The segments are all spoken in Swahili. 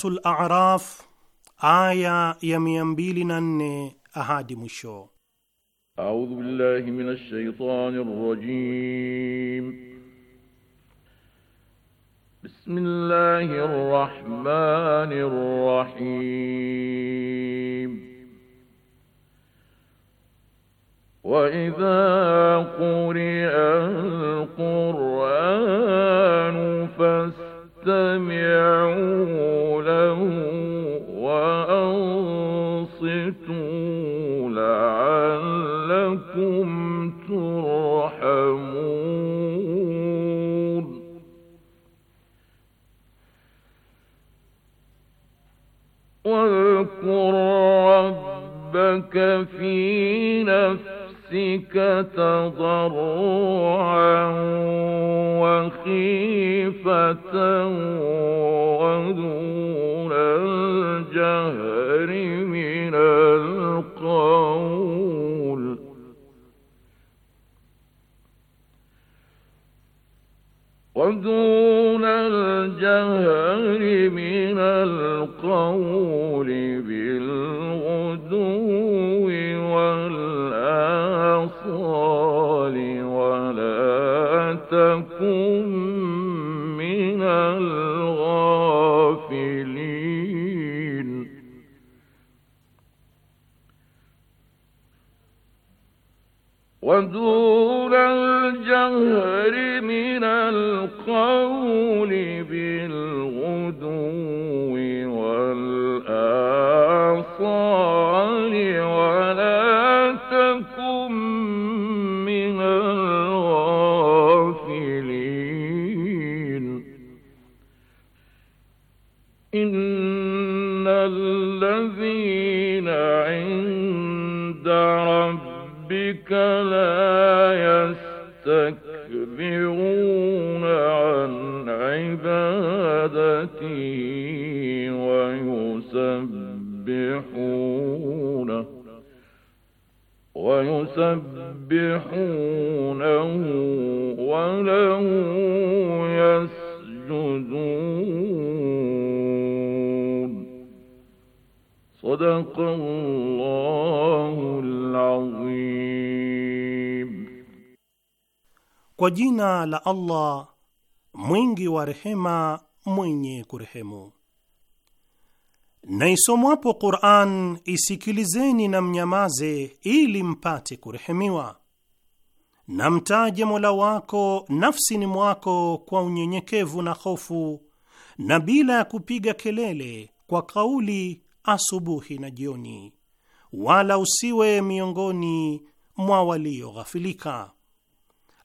Suratul A'raf aya ya mia mbili na nne ahadi mwisho. A'udhu billahi minash shaitani rrajim تلك صدق الله العظيم Kwa jina la Allah mwingi wa rehema mwenye kurehemu. Na isomwapo Qur'an isikilizeni na mnyamaze, ili mpate kurehemiwa na mtaje Mola wako nafsini mwako kwa unyenyekevu na hofu na bila ya kupiga kelele, kwa kauli asubuhi na jioni, wala usiwe miongoni mwa walioghafilika.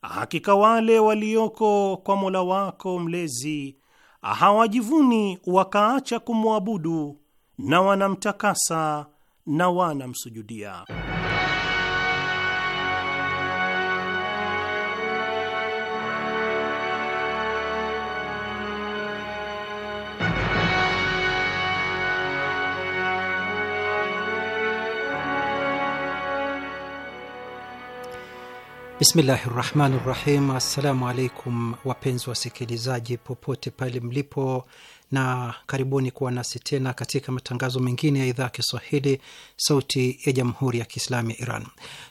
Hakika wale walioko kwa Mola wako mlezi hawajivuni wakaacha kumwabudu, na wanamtakasa na wanamsujudia. Bismillahi rahmani rahim. Assalamu alaikum wapenzi wasikilizaji popote pale mlipo, na karibuni kuwa nasi tena katika matangazo mengine ya idhaa ya Kiswahili sauti ya jamhuri ya kiislamu ya Iran.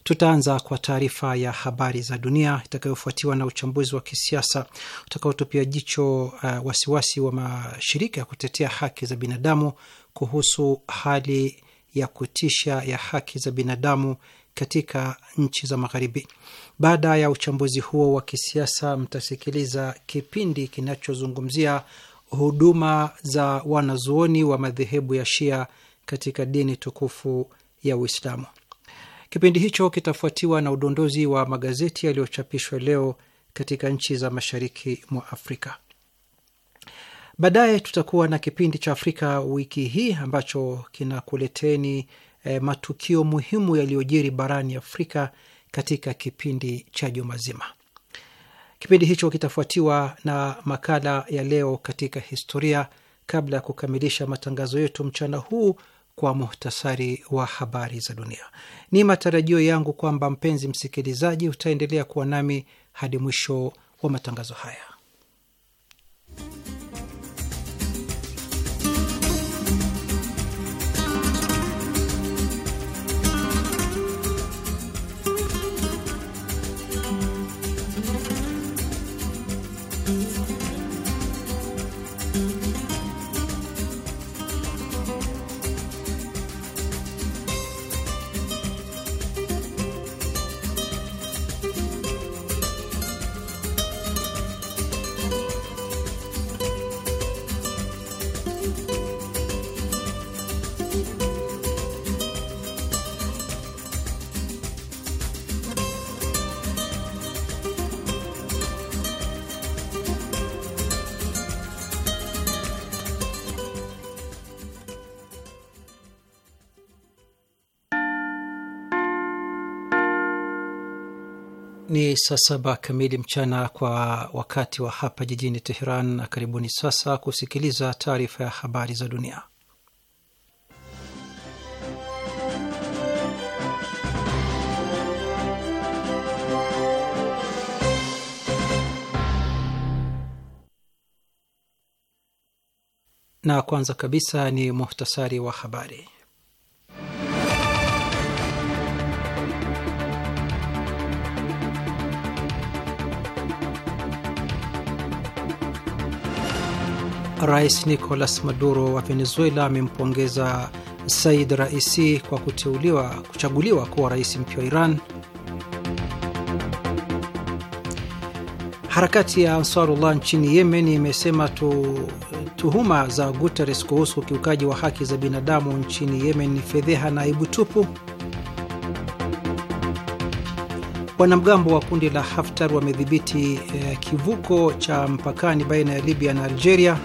Tutaanza kwa taarifa ya habari za dunia itakayofuatiwa na uchambuzi wa kisiasa utakaotupia jicho uh, wasiwasi wa mashirika ya kutetea haki za binadamu kuhusu hali ya kutisha ya haki za binadamu katika nchi za Magharibi. Baada ya uchambuzi huo wa kisiasa, mtasikiliza kipindi kinachozungumzia huduma za wanazuoni wa madhehebu ya Shia katika dini tukufu ya Uislamu. Kipindi hicho kitafuatiwa na udondozi wa magazeti yaliyochapishwa leo katika nchi za mashariki mwa Afrika. Baadaye tutakuwa na kipindi cha Afrika wiki hii ambacho kinakuleteni eh, matukio muhimu yaliyojiri barani Afrika katika kipindi cha juma zima. Kipindi hicho kitafuatiwa na makala ya leo katika historia, kabla ya kukamilisha matangazo yetu mchana huu kwa muhtasari wa habari za dunia. Ni matarajio yangu kwamba mpenzi msikilizaji utaendelea kuwa nami hadi mwisho wa matangazo haya. saa saba kamili mchana kwa wakati wa hapa jijini Teheran, na karibuni sasa kusikiliza taarifa ya habari za dunia. Na kwanza kabisa ni muhtasari wa habari. Rais Nicolas Maduro wa Venezuela amempongeza Said Raisi kwa kuteuliwa, kuchaguliwa kuwa rais mpya wa Iran. Harakati ya Ansarullah nchini Yemen imesema tu, tuhuma za guteres kuhusu ukiukaji wa haki za binadamu nchini Yemen ni fedheha na aibu tupu. Wanamgambo wa kundi la Haftar wamedhibiti eh, kivuko cha mpakani baina ya Libya na Algeria.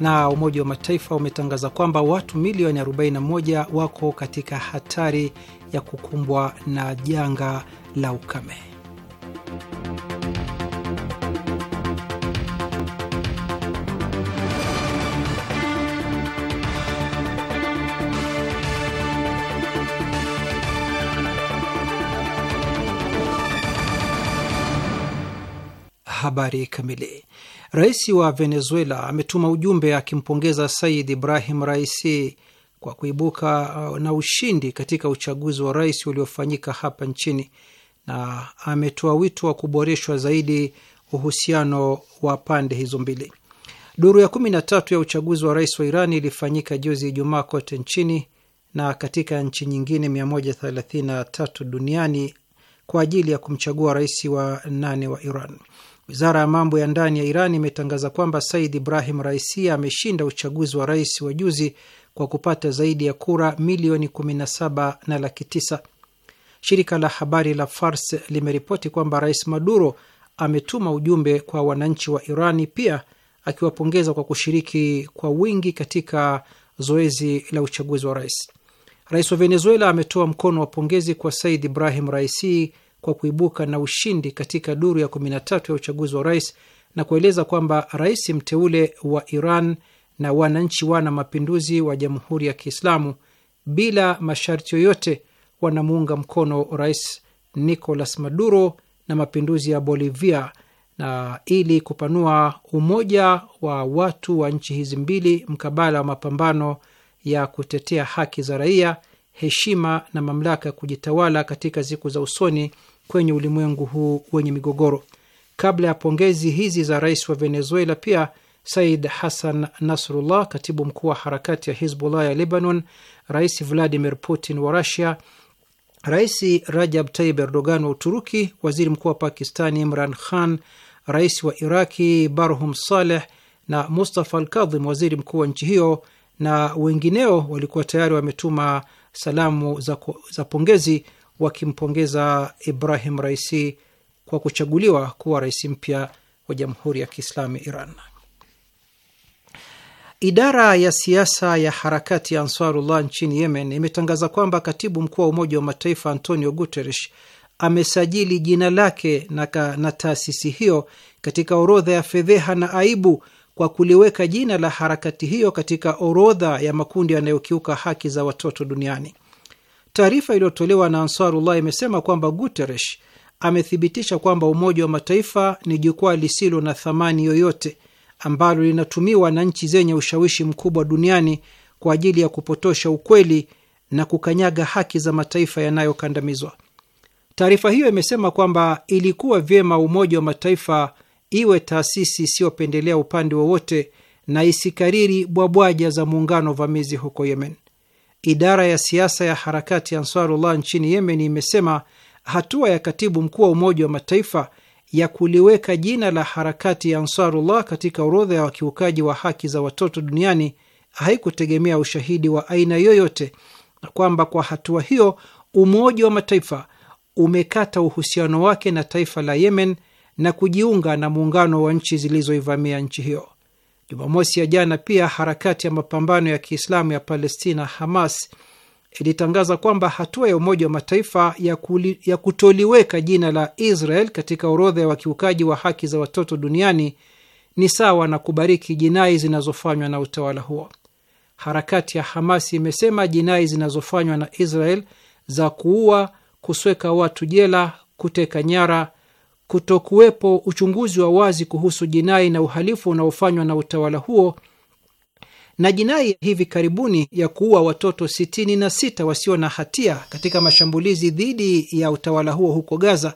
na Umoja wa Mataifa umetangaza kwamba watu milioni 41 wako katika hatari ya kukumbwa na janga la ukame. Habari kamili. Rais wa Venezuela ametuma ujumbe akimpongeza Said Ibrahim Raisi kwa kuibuka uh, na ushindi katika uchaguzi wa rais uliofanyika hapa nchini na ametoa wito wa kuboreshwa zaidi uhusiano wa pande hizo mbili. Duru ya kumi na tatu ya uchaguzi wa rais wa Iran ilifanyika juzi Ijumaa kote nchini na katika nchi nyingine 133 duniani kwa ajili ya kumchagua rais wa nane wa Iran. Wizara ya mambo ya ndani ya Iran imetangaza kwamba Said Ibrahim Raisi ameshinda uchaguzi wa rais wa juzi kwa kupata zaidi ya kura milioni 17 na laki 9. Shirika la habari la Fars limeripoti kwamba Rais Maduro ametuma ujumbe kwa wananchi wa Irani pia akiwapongeza kwa kushiriki kwa wingi katika zoezi la uchaguzi wa rais. Rais wa Venezuela ametoa mkono wa pongezi kwa Said Ibrahim Raisi kwa kuibuka na ushindi katika duru ya 13 ya uchaguzi wa rais na kueleza kwamba rais mteule wa Iran na wananchi wana mapinduzi wa Jamhuri ya Kiislamu bila masharti yoyote wanamuunga mkono Rais Nicolas Maduro na mapinduzi ya Bolivia na ili kupanua umoja wa watu wa nchi hizi mbili mkabala wa mapambano ya kutetea haki za raia, heshima na mamlaka ya kujitawala katika siku za usoni kwenye ulimwengu huu wenye migogoro. Kabla ya pongezi hizi za rais wa Venezuela, pia Said Hassan Nasrullah, katibu mkuu wa harakati ya Hizbullah ya Lebanon, rais Vladimir Putin wa rasia rais Rajab Tayyip Erdogan wa Uturuki, waziri mkuu wa Pakistani Imran Khan, rais wa Iraki Barhum Saleh na Mustafa Al Kadhim, waziri mkuu wa nchi hiyo, na wengineo walikuwa tayari wametuma salamu za, za pongezi wakimpongeza Ibrahim Raisi kwa kuchaguliwa kuwa rais mpya wa Jamhuri ya Kiislamu Iran. Idara ya siasa ya harakati ya Ansarullah nchini Yemen imetangaza kwamba katibu mkuu wa Umoja wa Mataifa Antonio Guterres amesajili jina lake na, na taasisi hiyo katika orodha ya fedheha na aibu kwa kuliweka jina la harakati hiyo katika orodha ya makundi yanayokiuka haki za watoto duniani. Taarifa iliyotolewa na Ansarullah imesema kwamba Guterres amethibitisha kwamba Umoja wa Mataifa ni jukwaa lisilo na thamani yoyote ambalo linatumiwa na nchi zenye ushawishi mkubwa duniani kwa ajili ya kupotosha ukweli na kukanyaga haki za mataifa yanayokandamizwa. Taarifa hiyo imesema kwamba ilikuwa vyema Umoja wa Mataifa iwe taasisi isiyopendelea upande wowote na isikariri bwabwaja za muungano vamizi huko Yemen. Idara ya siasa ya harakati Ansarullah nchini Yemen imesema hatua ya katibu mkuu wa Umoja wa Mataifa ya kuliweka jina la harakati ya Ansarullah katika orodha ya wakiukaji wa haki za watoto duniani haikutegemea ushahidi wa aina yoyote, na kwamba kwa hatua hiyo Umoja wa Mataifa umekata uhusiano wake na taifa la Yemen na kujiunga na muungano wa nchi zilizoivamia nchi hiyo. Jumamosi ya jana pia harakati ya mapambano ya Kiislamu ya Palestina, Hamas, ilitangaza kwamba hatua ya Umoja wa Mataifa ya, kuli, ya kutoliweka jina la Israel katika orodha ya wakiukaji wa haki za watoto duniani ni sawa na kubariki jinai zinazofanywa na utawala huo. Harakati ya Hamas imesema jinai zinazofanywa na Israel za kuua, kusweka watu jela, kuteka nyara kutokuwepo uchunguzi wa wazi kuhusu jinai na uhalifu unaofanywa na utawala huo na jinai ya hivi karibuni ya kuua watoto 66 wasio na hatia katika mashambulizi dhidi ya utawala huo huko Gaza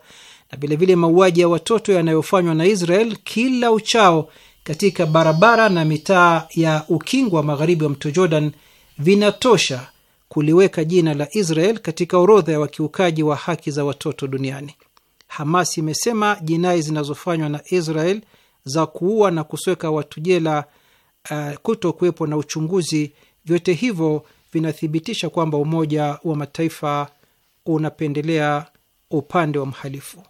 na vilevile mauaji ya watoto yanayofanywa na Israel kila uchao katika barabara na mitaa ya ukingo wa magharibi wa mto Jordan vinatosha kuliweka jina la Israel katika orodha ya wakiukaji wa haki za watoto duniani. Hamas imesema jinai zinazofanywa na Israel za kuua na kusweka watu jela, uh, eh, kuto kuwepo na uchunguzi, vyote hivyo vinathibitisha kwamba Umoja wa Mataifa unapendelea upande wa mhalifu.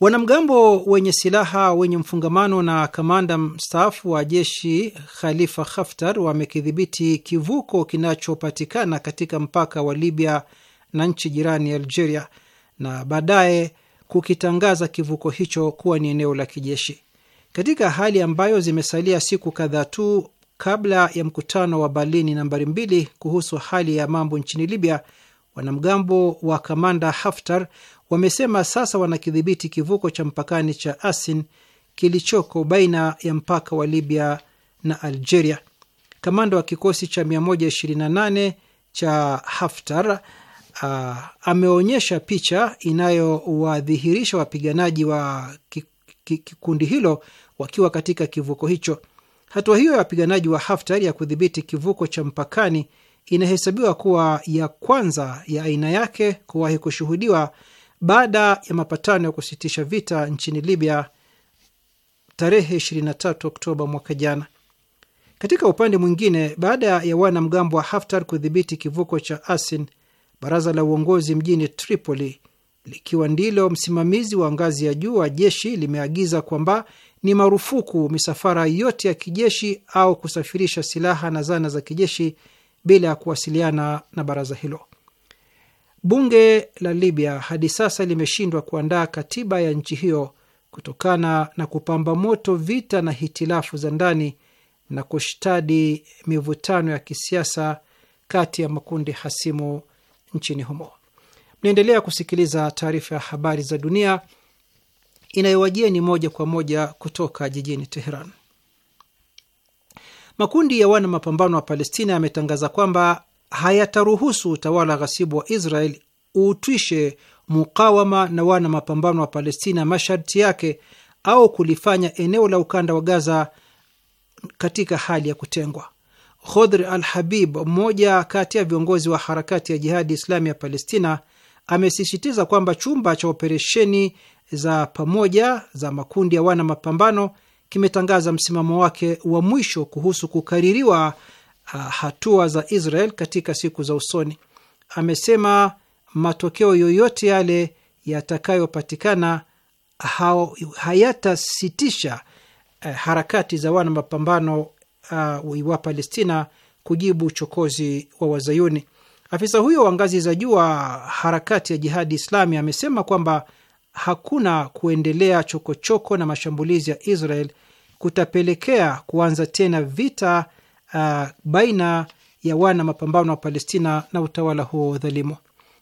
Wanamgambo wenye silaha wenye mfungamano na kamanda mstaafu wa jeshi Khalifa Haftar wamekidhibiti kivuko kinachopatikana katika mpaka wa Libya na nchi jirani Algeria na baadaye kukitangaza kivuko hicho kuwa ni eneo la kijeshi. Katika hali ambayo zimesalia siku kadhaa tu kabla ya mkutano wa Berlini nambari mbili kuhusu hali ya mambo nchini Libya, wanamgambo wa kamanda Haftar wamesema sasa wanakidhibiti kivuko cha mpakani cha Asin kilichoko baina ya mpaka wa Libya na Algeria. Kamanda wa kikosi cha 128 cha Haftar uh, ameonyesha picha inayowadhihirisha wapiganaji wa kikundi hilo wakiwa katika kivuko hicho. Hatua hiyo ya wapiganaji wa Haftar ya kudhibiti kivuko cha mpakani inahesabiwa kuwa ya kwanza ya aina yake kuwahi kushuhudiwa baada ya mapatano ya kusitisha vita nchini Libya tarehe 23 Oktoba mwaka jana. Katika upande mwingine, baada ya wanamgambo wa Haftar kudhibiti kivuko cha Asin, baraza la uongozi mjini Tripoli likiwa ndilo msimamizi wa ngazi ya juu wa jeshi limeagiza kwamba ni marufuku misafara yote ya kijeshi au kusafirisha silaha na zana za kijeshi bila ya kuwasiliana na baraza hilo. Bunge la Libya hadi sasa limeshindwa kuandaa katiba ya nchi hiyo kutokana na kupamba moto vita na hitilafu za ndani na kushtadi mivutano ya kisiasa kati ya makundi hasimu nchini humo. Mnaendelea kusikiliza taarifa ya habari za dunia inayowajia ni moja kwa moja kutoka jijini Teheran. Makundi ya wana mapambano wa Palestina yametangaza kwamba hayataruhusu utawala ghasibu wa Israel uutwishe mukawama na wana mapambano wa Palestina masharti yake au kulifanya eneo la ukanda wa Gaza katika hali ya kutengwa. Khodr al Habib, mmoja kati ya viongozi wa harakati ya Jihadi Islami ya Palestina, amesisitiza kwamba chumba cha operesheni za pamoja za makundi ya wana mapambano kimetangaza msimamo wake wa mwisho kuhusu kukaririwa uh, hatua za Israel katika siku za usoni. Amesema matokeo yoyote yale yatakayopatikana hayatasitisha uh, harakati za wana mapambano uh, wa Palestina kujibu uchokozi wa Wazayuni. Afisa huyo wa ngazi za juu wa harakati ya Jihadi Islami amesema kwamba hakuna kuendelea chokochoko choko na mashambulizi ya Israel kutapelekea kuanza tena vita uh, baina ya wana mapambano wa Palestina na utawala huo dhalimu.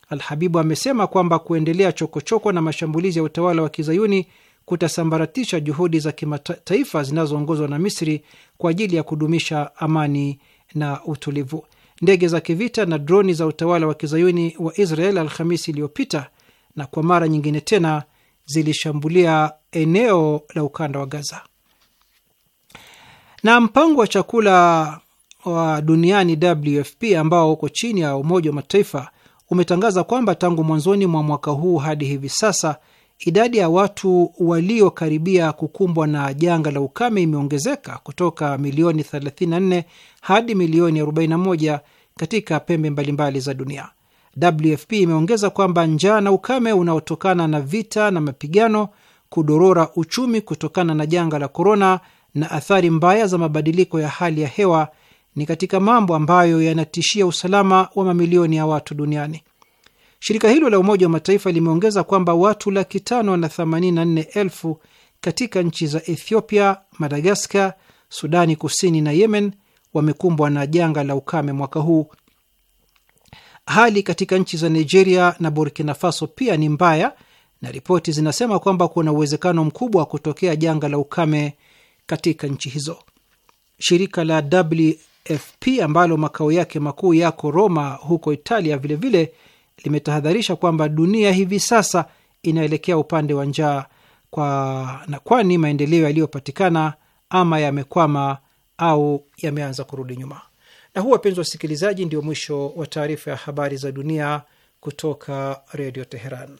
Alhabibu amesema kwamba kuendelea chokochoko choko na mashambulizi ya utawala wa kizayuni kutasambaratisha juhudi za kimataifa zinazoongozwa na Misri kwa ajili ya kudumisha amani na utulivu. Ndege za kivita na droni za utawala wa kizayuni wa Israel Alhamisi iliyopita na kwa mara nyingine tena zilishambulia eneo la ukanda wa Gaza. Na mpango wa chakula wa duniani WFP ambao uko chini ya Umoja wa Mataifa umetangaza kwamba tangu mwanzoni mwa mwaka huu hadi hivi sasa idadi ya watu waliokaribia kukumbwa na janga la ukame imeongezeka kutoka milioni 34 hadi milioni 41 katika pembe mbalimbali za dunia. WFP imeongeza kwamba njaa na ukame unaotokana na vita na mapigano, kudorora uchumi kutokana na janga la korona na athari mbaya za mabadiliko ya hali ya hewa ni katika mambo ambayo yanatishia usalama wa mamilioni ya watu duniani. Shirika hilo la Umoja wa Mataifa limeongeza kwamba watu laki tano na themanini na nne elfu katika nchi za Ethiopia, Madagaskar, Sudani Kusini na Yemen wamekumbwa na janga la ukame mwaka huu. Hali katika nchi za Nigeria na Burkina Faso pia ni mbaya, na ripoti zinasema kwamba kuna uwezekano mkubwa wa kutokea janga la ukame katika nchi hizo. Shirika la WFP ambalo makao yake makuu yako Roma huko Italia vilevile vile, limetahadharisha kwamba dunia hivi sasa inaelekea upande wa njaa kwa, na kwani maendeleo yaliyopatikana ama yamekwama au yameanza kurudi nyuma. Na huu, wapenzi wasikilizaji, ndio mwisho wa taarifa ya habari za dunia kutoka Redio Teheran.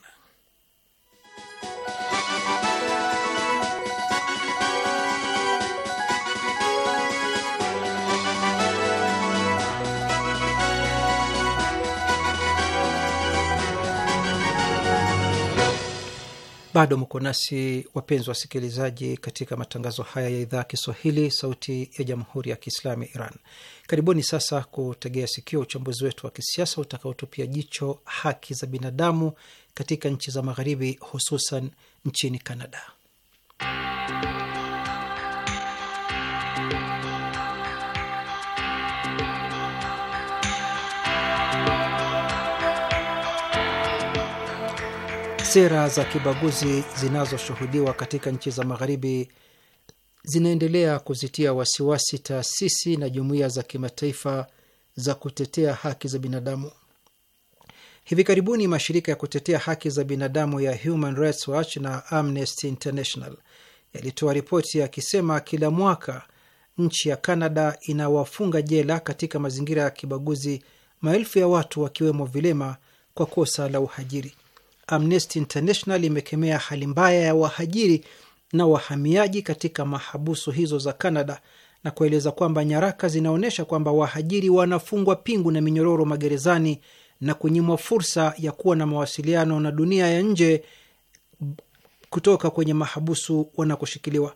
Bado mko nasi wapenzi wasikilizaji, katika matangazo haya ya idhaa ya Kiswahili, sauti ya jamhuri ya kiislamu ya Iran. Karibuni sasa kutegea sikio uchambuzi wetu wa kisiasa utakaotupia jicho haki za binadamu katika nchi za Magharibi, hususan nchini Kanada. Sera za kibaguzi zinazoshuhudiwa katika nchi za Magharibi zinaendelea kuzitia wasiwasi taasisi na jumuiya za kimataifa za kutetea haki za binadamu. Hivi karibuni mashirika ya kutetea haki za binadamu ya Human Rights Watch na Amnesty International yalitoa ripoti yakisema kila mwaka nchi ya Kanada inawafunga jela katika mazingira ya kibaguzi maelfu ya watu wakiwemo vilema kwa kosa la uhajiri. Amnesty International imekemea hali mbaya ya wahajiri na wahamiaji katika mahabusu hizo za Canada na kueleza kwamba nyaraka zinaonyesha kwamba wahajiri wanafungwa pingu na minyororo magerezani na kunyimwa fursa ya kuwa na mawasiliano na dunia ya nje kutoka kwenye mahabusu wanakoshikiliwa.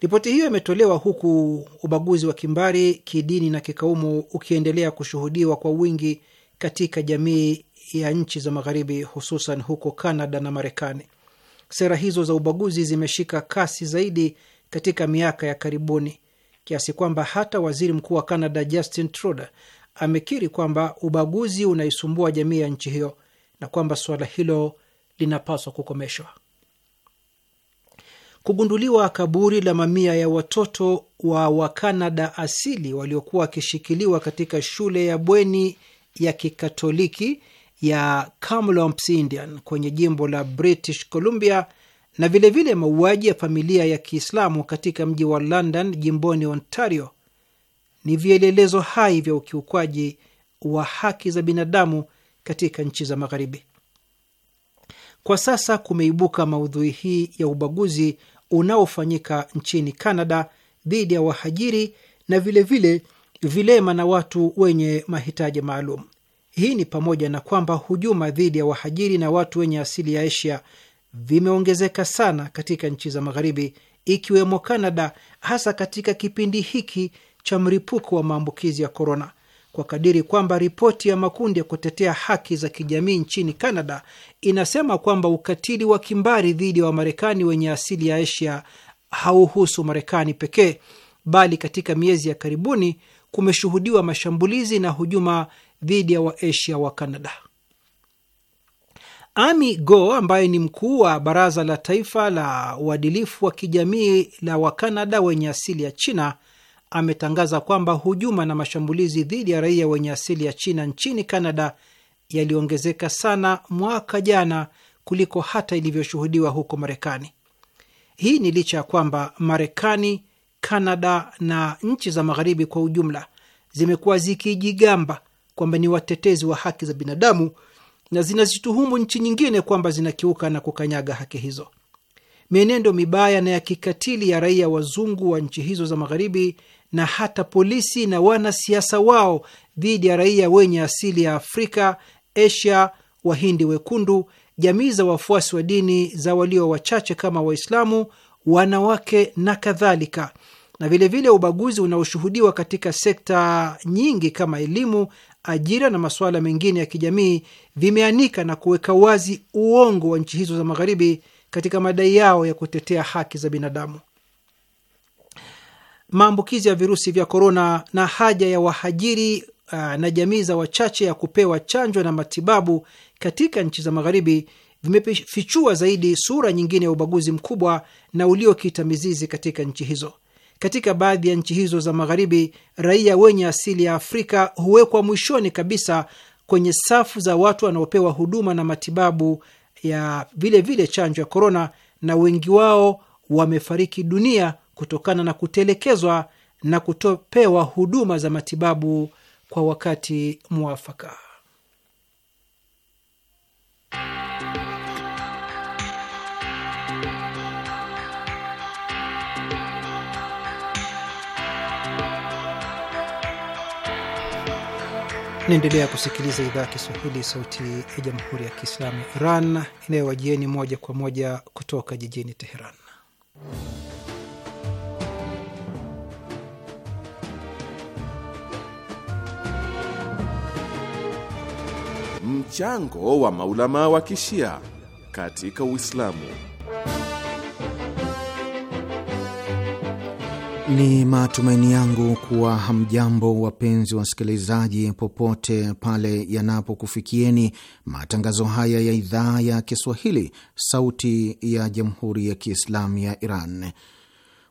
Ripoti hiyo imetolewa huku ubaguzi wa kimbari, kidini na kikaumu ukiendelea kushuhudiwa kwa wingi katika jamii ya nchi za Magharibi, hususan huko canada na Marekani. Sera hizo za ubaguzi zimeshika kasi zaidi katika miaka ya karibuni kiasi kwamba hata waziri mkuu wa canada Justin Trudeau amekiri kwamba ubaguzi unaisumbua jamii ya nchi hiyo na kwamba suala hilo linapaswa kukomeshwa. Kugunduliwa kaburi la mamia ya watoto wa Wakanada asili waliokuwa wakishikiliwa katika shule ya bweni ya Kikatoliki ya Kamloops Indian kwenye jimbo la British Columbia na vilevile mauaji ya familia ya Kiislamu katika mji wa London jimboni Ontario ni vielelezo hai vya ukiukwaji wa haki za binadamu katika nchi za Magharibi. Kwa sasa kumeibuka maudhui hii ya ubaguzi unaofanyika nchini Canada dhidi ya wahajiri na vilevile vile vilema na watu wenye mahitaji maalum. Hii ni pamoja na kwamba hujuma dhidi ya wahajiri na watu wenye asili ya Asia vimeongezeka sana katika nchi za Magharibi, ikiwemo Kanada, hasa katika kipindi hiki cha mripuko wa maambukizi ya korona, kwa kadiri kwamba ripoti ya makundi ya kutetea haki za kijamii nchini Kanada inasema kwamba ukatili wa kimbari dhidi ya wa Wamarekani wenye asili ya Asia hauhusu Marekani pekee, bali katika miezi ya karibuni kumeshuhudiwa mashambulizi na hujuma dhidi ya Waasia wa Kanada. Ami Go ambaye ni mkuu wa baraza la taifa la uadilifu wa kijamii la Wakanada wenye asili ya China ametangaza kwamba hujuma na mashambulizi dhidi ya raia wenye asili ya China nchini Kanada yaliongezeka sana mwaka jana kuliko hata ilivyoshuhudiwa huko Marekani. Hii ni licha ya kwamba Marekani, Kanada na nchi za magharibi kwa ujumla zimekuwa zikijigamba kwamba ni watetezi wa haki za binadamu na zinazituhumu nchi nyingine kwamba zinakiuka na kukanyaga haki hizo. Mienendo mibaya na ya kikatili ya raia wazungu wa nchi hizo za magharibi na hata polisi na wanasiasa wao dhidi ya raia wenye asili ya Afrika, Asia, Wahindi wekundu, jamii za wafuasi wa dini za walio wachache kama Waislamu, wanawake na kadhalika, na vilevile vile ubaguzi unaoshuhudiwa katika sekta nyingi kama elimu, ajira na masuala mengine ya kijamii vimeanika na kuweka wazi uongo wa nchi hizo za magharibi katika madai yao ya kutetea haki za binadamu. Maambukizi ya virusi vya korona na haja ya wahajiri uh, na jamii za wachache ya kupewa chanjo na matibabu katika nchi za magharibi vimefichua zaidi sura nyingine ya ubaguzi mkubwa na uliokita mizizi katika nchi hizo. Katika baadhi ya nchi hizo za Magharibi, raia wenye asili ya Afrika huwekwa mwishoni kabisa kwenye safu za watu wanaopewa huduma na matibabu ya vilevile chanjo ya korona, na wengi wao wamefariki dunia kutokana na kutelekezwa na kutopewa huduma za matibabu kwa wakati mwafaka. Naendelea kusikiliza idhaa ya Kiswahili, sauti ya jamhuri ya kiislamu Iran inayowajieni moja kwa moja kutoka jijini Teheran. Mchango wa maulama wa kishia katika Uislamu. Ni matumaini yangu kuwa hamjambo wapenzi wasikilizaji, popote pale yanapokufikieni matangazo haya ya idhaa ya Kiswahili, Sauti ya Jamhuri ya Kiislamu ya Iran.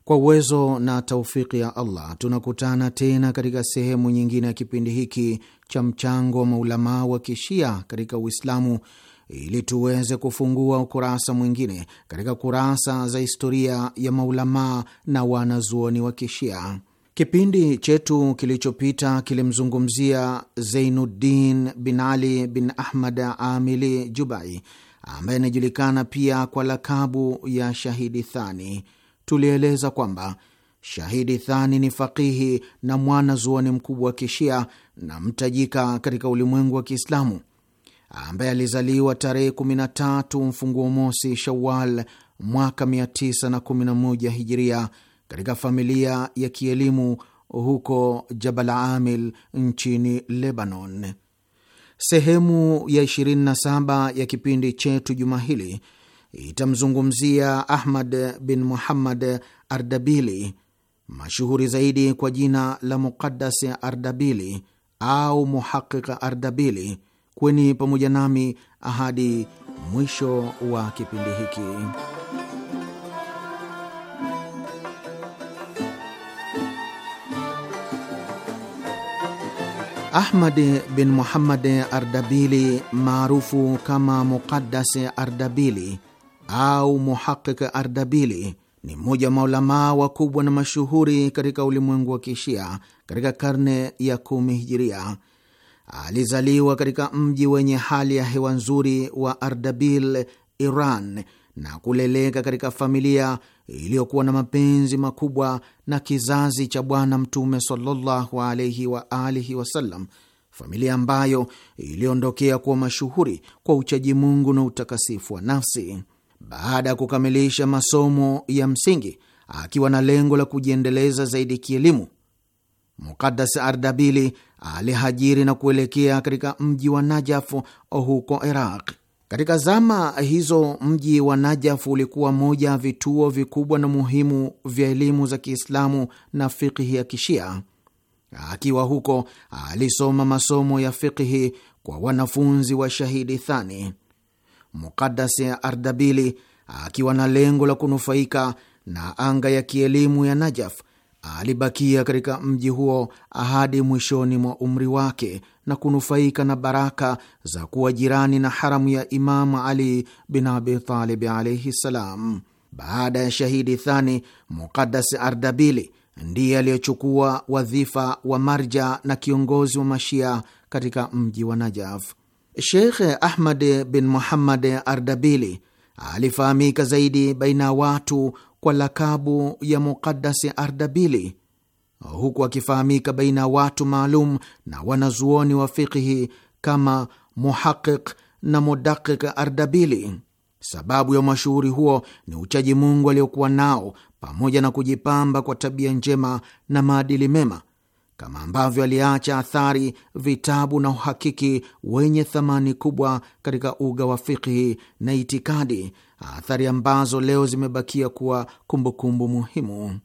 Kwa uwezo na taufiki ya Allah, tunakutana tena katika sehemu nyingine ya kipindi hiki cha mchango wa maulamaa wa Kishia katika Uislamu ili tuweze kufungua ukurasa mwingine katika kurasa za historia ya maulamaa na wanazuoni wa Kishia. Kipindi chetu kilichopita kilimzungumzia Zeinuddin bin Ali bin Ahmad Amili Jubai ambaye anajulikana pia kwa lakabu ya Shahidi Thani. Tulieleza kwamba Shahidi Thani ni fakihi na mwanazuoni mkubwa wa Kishia na mtajika katika ulimwengu wa Kiislamu ambaye alizaliwa tarehe 13 mfunguo mosi Shawal mwaka 911 Hijiria katika familia ya kielimu huko Jabal Amil nchini Lebanon. Sehemu ya 27 ya kipindi chetu juma hili itamzungumzia Ahmad bin Muhammad Ardabili, mashuhuri zaidi kwa jina la Muqaddas Ardabili au Muhaqiq Ardabili kweni pamoja nami hadi mwisho wa kipindi hiki. Ahmad bin Muhammad Ardabili maarufu kama Muqaddas Ardabili au Muhaqiq Ardabili ni mmoja wa maulamaa wakubwa na mashuhuri katika ulimwengu wa Kishia katika karne ya kumi hijiria. Alizaliwa katika mji wenye hali ya hewa nzuri wa Ardabil, Iran, na kuleleka katika familia iliyokuwa na mapenzi makubwa na kizazi cha Bwana Mtume sallallahu alaihi wa alihi wasallam, familia ambayo iliondokea kuwa mashuhuri kwa uchaji Mungu na utakasifu wa nafsi. Baada ya kukamilisha masomo ya msingi, akiwa na lengo la kujiendeleza zaidi kielimu, Mukadas Ardabili alihajiri na kuelekea katika mji wa Najafu huko Iraq. Katika zama hizo mji wa Najafu ulikuwa moja ya vituo vikubwa na muhimu vya elimu za Kiislamu na fikhi ya Kishia. Akiwa huko alisoma masomo ya fikhi kwa wanafunzi wa Shahidi Thani Mukaddasi ya Ardabili, akiwa na lengo la kunufaika na anga ya kielimu ya Najaf alibakia katika mji huo hadi mwishoni mwa umri wake na kunufaika na baraka za kuwa jirani na haramu ya Imamu Ali bin Abitalib alaihi ssalam. Baada ya shahidi Thani, Muqadas Ardabili ndiye aliyechukua wadhifa wa marja na kiongozi wa Mashia katika mji wa Najaf. Sheikh Ahmad bin Muhammad Ardabili alifahamika zaidi baina ya watu kwa lakabu ya Muqaddasi Ardabili, huku akifahamika baina ya watu maalum na wanazuoni wa fikhi kama Muhaqiq na Mudaqiq Ardabili. Sababu ya mashuhuri huo ni uchaji Mungu aliokuwa nao pamoja na kujipamba kwa tabia njema na maadili mema, kama ambavyo aliacha athari, vitabu na uhakiki wenye thamani kubwa katika uga wa fikhi na itikadi athari ambazo leo zimebakia kuwa kumbukumbu muhimu.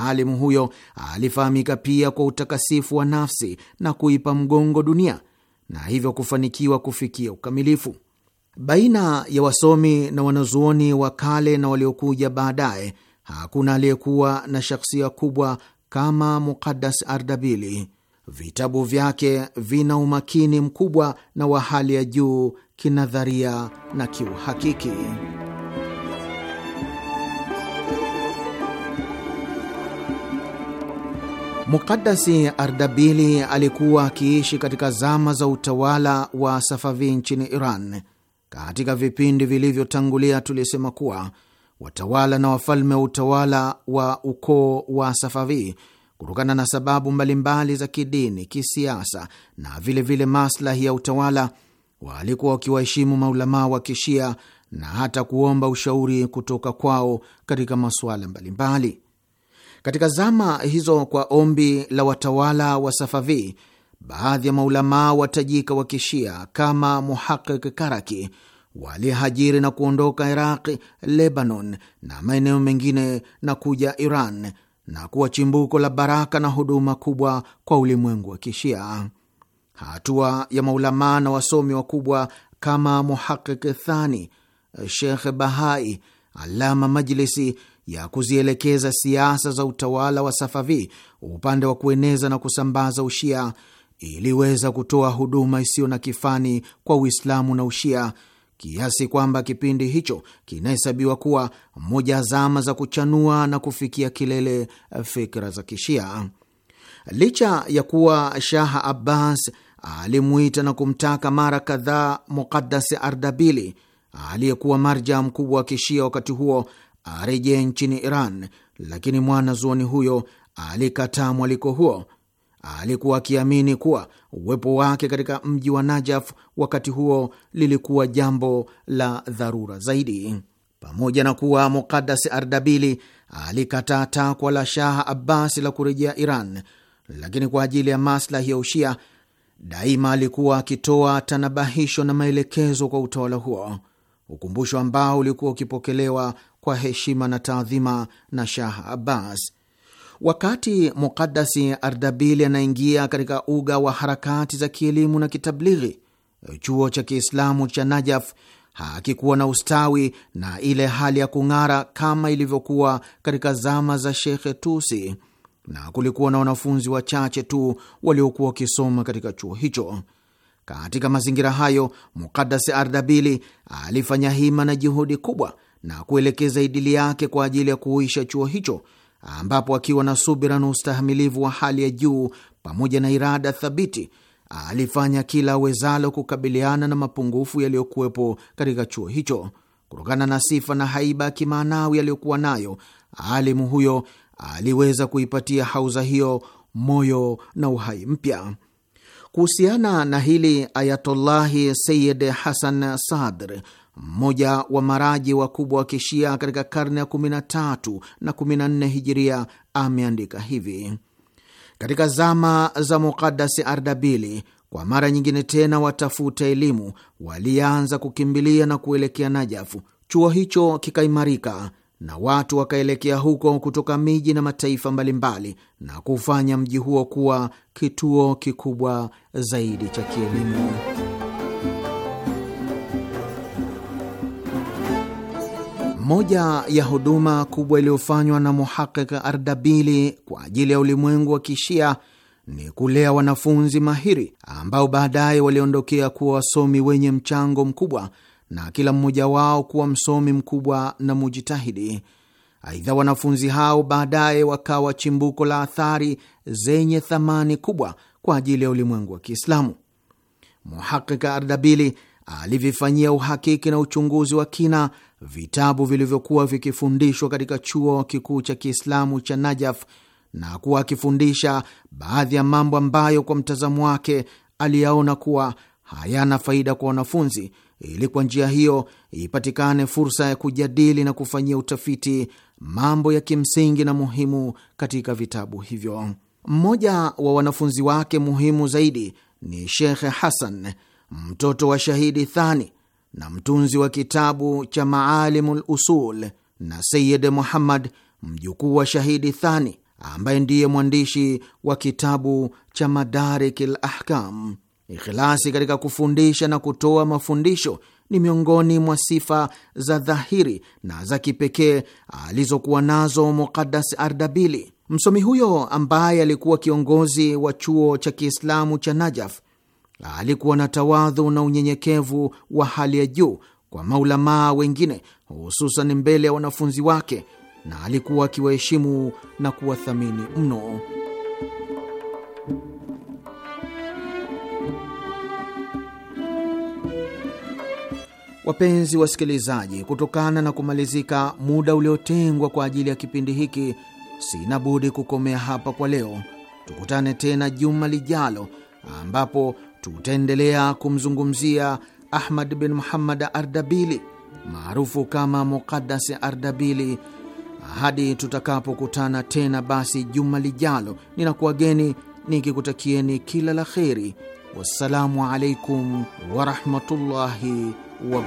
Alimu huyo alifahamika pia kwa utakasifu wa nafsi na kuipa mgongo dunia na hivyo kufanikiwa kufikia ukamilifu. Baina ya wasomi na wanazuoni wa kale na waliokuja baadaye, hakuna aliyekuwa na shakhsia kubwa kama Muqaddas Ardabili. Vitabu vyake vina umakini mkubwa na wa hali ya juu kinadharia na kiuhakiki. Mukadasi Ardabili alikuwa akiishi katika zama za utawala wa Safavi nchini Iran. Katika vipindi vilivyotangulia, tulisema kuwa watawala na wafalme wa utawala wa ukoo wa Safavi, kutokana na sababu mbalimbali za kidini, kisiasa na vilevile maslahi ya utawala walikuwa wakiwaheshimu maulamaa wa Kishia na hata kuomba ushauri kutoka kwao katika masuala mbalimbali. Katika zama hizo, kwa ombi la watawala wa Safavi, baadhi ya maulamaa watajika wa Kishia kama Muhaqiq Karaki walihajiri na kuondoka Iraqi, Lebanon na maeneo mengine na kuja Iran na kuwa chimbuko la baraka na huduma kubwa kwa ulimwengu wa Kishia. Hatua ya maulamaa na wasomi wakubwa kama Muhaqiq Thani, Shekh Bahai, Alama Majlisi ya kuzielekeza siasa za utawala wa Safavi upande wa kueneza na kusambaza Ushia iliweza kutoa huduma isiyo na kifani kwa Uislamu na Ushia kiasi kwamba kipindi hicho kinahesabiwa kuwa moja ya zama za kuchanua na kufikia kilele fikra za Kishia. Licha ya kuwa Shah Abbas alimuita na kumtaka mara kadhaa Mukadasi Ardabili aliyekuwa marja mkubwa wa kishia wakati huo arejee nchini Iran, lakini mwana zuoni huyo alikataa mwaliko huo. Alikuwa akiamini kuwa uwepo wake katika mji wa Najaf wakati huo lilikuwa jambo la dharura zaidi. Pamoja na kuwa Muqaddas Ardabili alikataa takwa la shaha Abbasi la kurejea Iran, lakini kwa ajili ya maslahi ya Ushia daima alikuwa akitoa tanabahisho na maelekezo kwa utawala huo, ukumbusho ambao ulikuwa ukipokelewa kwa heshima na taadhima na Shah Abbas. Wakati Mukadasi Ardabili anaingia katika uga wa harakati za kielimu na kitablighi, chuo cha Kiislamu cha Najaf hakikuwa na ustawi na ile hali ya kung'ara kama ilivyokuwa katika zama za Shekhe Tusi na kulikuwa na wanafunzi wachache tu waliokuwa wakisoma katika chuo hicho. Katika mazingira hayo, Mukadas Ardabili alifanya hima na juhudi kubwa na kuelekeza idili yake kwa ajili ya kuhuisha chuo hicho, ambapo akiwa na subira na ustahamilivu wa hali ya juu pamoja na irada thabiti alifanya kila awezalo kukabiliana na mapungufu yaliyokuwepo katika chuo hicho. Kutokana na sifa na haiba ya kimaanawi aliyokuwa nayo, alimu huyo aliweza kuipatia hauza hiyo moyo na uhai mpya. Kuhusiana na hili, Ayatollahi Sayid Hasan Sadr, mmoja wa maraji wakubwa wa kishia katika karne ya 13 na 14 hijiria, ameandika hivi: katika zama za Mukadasi Ardabili, kwa mara nyingine tena watafuta elimu walianza kukimbilia na kuelekea Najafu. Chuo hicho kikaimarika na watu wakaelekea huko kutoka miji na mataifa mbalimbali na kufanya mji huo kuwa kituo kikubwa zaidi cha kielimu. Moja ya huduma kubwa iliyofanywa na Muhaqiq Ardabili kwa ajili ya ulimwengu wa Kishia ni kulea wanafunzi mahiri ambao baadaye waliondokea kuwa wasomi wenye mchango mkubwa na kila mmoja wao kuwa msomi mkubwa na mujitahidi. Aidha, wanafunzi hao baadaye wakawa chimbuko la athari zenye thamani kubwa kwa ajili ya ulimwengu wa Kiislamu. Muhakika Ardabili alivifanyia uhakiki na uchunguzi wa kina vitabu vilivyokuwa vikifundishwa katika chuo kikuu cha Kiislamu cha Najaf na kuwa akifundisha baadhi ya mambo ambayo kwa mtazamo wake aliyaona kuwa hayana faida kwa wanafunzi ili kwa njia hiyo ipatikane fursa ya kujadili na kufanyia utafiti mambo ya kimsingi na muhimu katika vitabu hivyo. Mmoja wa wanafunzi wake muhimu zaidi ni shekhe Hasan, mtoto wa Shahidi Thani na mtunzi wa kitabu cha Maalimul Usul, na Sayid Muhammad, mjukuu wa Shahidi Thani, ambaye ndiye mwandishi wa kitabu cha Madarikil Ahkam. Ikhilasi katika kufundisha na kutoa mafundisho ni miongoni mwa sifa za dhahiri na za kipekee alizokuwa nazo Muqaddas Ardabili. Msomi huyo ambaye alikuwa kiongozi wa chuo cha Kiislamu cha Najaf alikuwa na tawadhu na unyenyekevu wa hali ya juu kwa maulamaa wengine, hususan mbele ya wanafunzi wake, na alikuwa akiwaheshimu na kuwathamini mno. Wapenzi wasikilizaji, kutokana na kumalizika muda uliotengwa kwa ajili ya kipindi hiki, sina budi kukomea hapa kwa leo. Tukutane tena juma lijalo, ambapo tutaendelea kumzungumzia Ahmad bin Muhammad Ardabili maarufu kama Muqaddas Ardabili. Hadi tutakapokutana tena basi juma lijalo, ninakuwageni nikikutakieni kila la kheri. Wassalamu alaikum warahmatullahi wa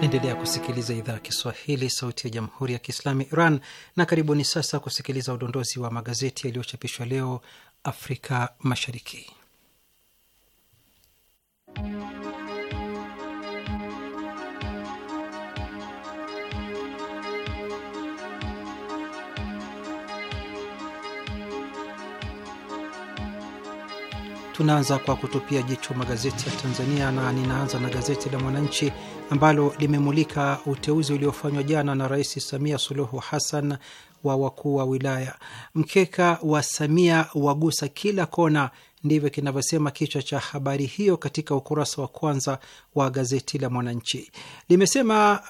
Naendelea kusikiliza idhaa ya Kiswahili, sauti ya jamhuri ya kiislami Iran, na karibuni sasa kusikiliza udondozi wa magazeti yaliyochapishwa leo Afrika Mashariki. Tunaanza kwa kutupia jicho magazeti ya Tanzania na ninaanza na gazeti la Mwananchi ambalo limemulika uteuzi uliofanywa jana na Rais Samia Suluhu Hassan wa wakuu wa wilaya. Mkeka wa Samia wagusa kila kona, ndivyo kinavyosema kichwa cha habari hiyo katika ukurasa wa kwanza wa gazeti la Mwananchi. Limesema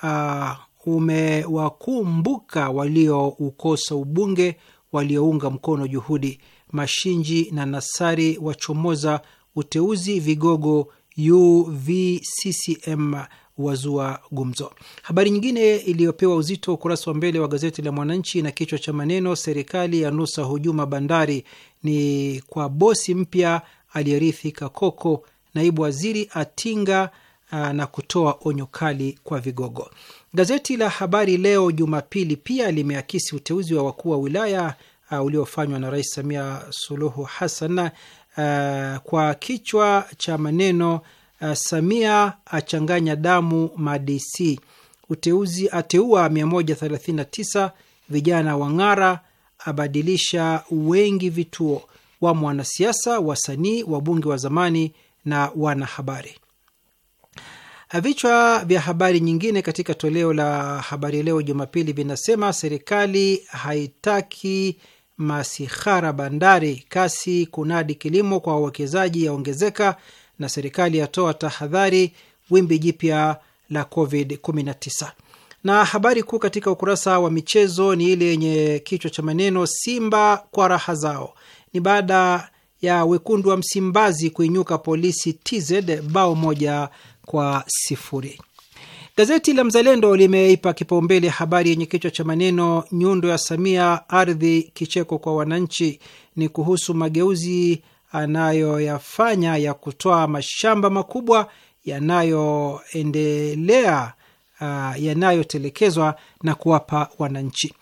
uh, umewakumbuka walioukosa ubunge, waliounga mkono juhudi Mashinji na Nasari wachomoza uteuzi vigogo UVCCM wazua gumzo. Habari nyingine iliyopewa uzito ukurasa wa mbele wa gazeti la Mwananchi na kichwa cha maneno serikali ya nusa hujuma bandari ni kwa bosi mpya aliyerithi Kakoko, naibu waziri atinga uh, na kutoa onyo kali kwa vigogo. Gazeti la Habari Leo Jumapili pia limeakisi uteuzi wa wakuu wa wilaya uh, uliofanywa na Rais Samia Suluhu Hassan uh, kwa kichwa cha maneno uh, Samia achanganya damu madc uteuzi ateua 139 vijana wa ngara abadilisha wengi vituo wamo wanasiasa, wasanii wabunge wa zamani na wanahabari. Vichwa vya habari nyingine katika toleo la habari leo Jumapili vinasema serikali haitaki masihara bandari. Kasi kunadi kilimo kwa wawekezaji yaongezeka na serikali yatoa tahadhari wimbi jipya la COVID-19. Na habari kuu katika ukurasa wa michezo ni ile yenye kichwa cha maneno Simba kwa raha zao. Ni baada ya wekundu wa Msimbazi kuinyuka polisi TZ bao moja kwa sifuri. Gazeti la Mzalendo limeipa kipaumbele habari yenye kichwa cha maneno nyundo ya Samia, ardhi kicheko kwa wananchi. Ni kuhusu mageuzi anayoyafanya ya kutoa mashamba makubwa yanayoendelea uh, yanayotelekezwa na kuwapa wananchi.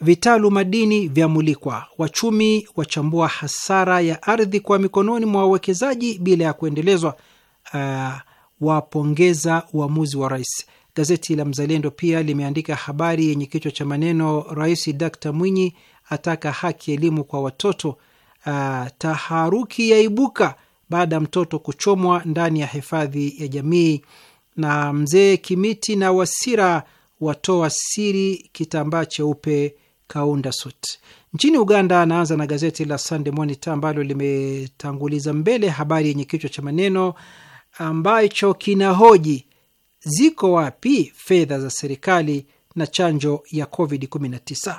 Vitalu madini vyamulikwa, wachumi wachambua hasara ya ardhi kwa mikononi mwa wawekezaji bila ya kuendelezwa. uh, wapongeza uamuzi wa rais. Gazeti la Mzalendo pia limeandika habari yenye kichwa cha maneno Rais d Mwinyi ataka haki elimu kwa watoto. Uh, taharuki yaibuka baada ya mtoto kuchomwa ndani ya hifadhi ya jamii, na mzee Kimiti na Wasira watoa siri kitambaa cheupe kaunda Sut. Nchini Uganda, anaanza na gazeti la Sunday Monitor ambalo limetanguliza mbele habari yenye kichwa cha maneno ambacho kinahoji ziko wapi fedha za serikali na chanjo ya COVID-19.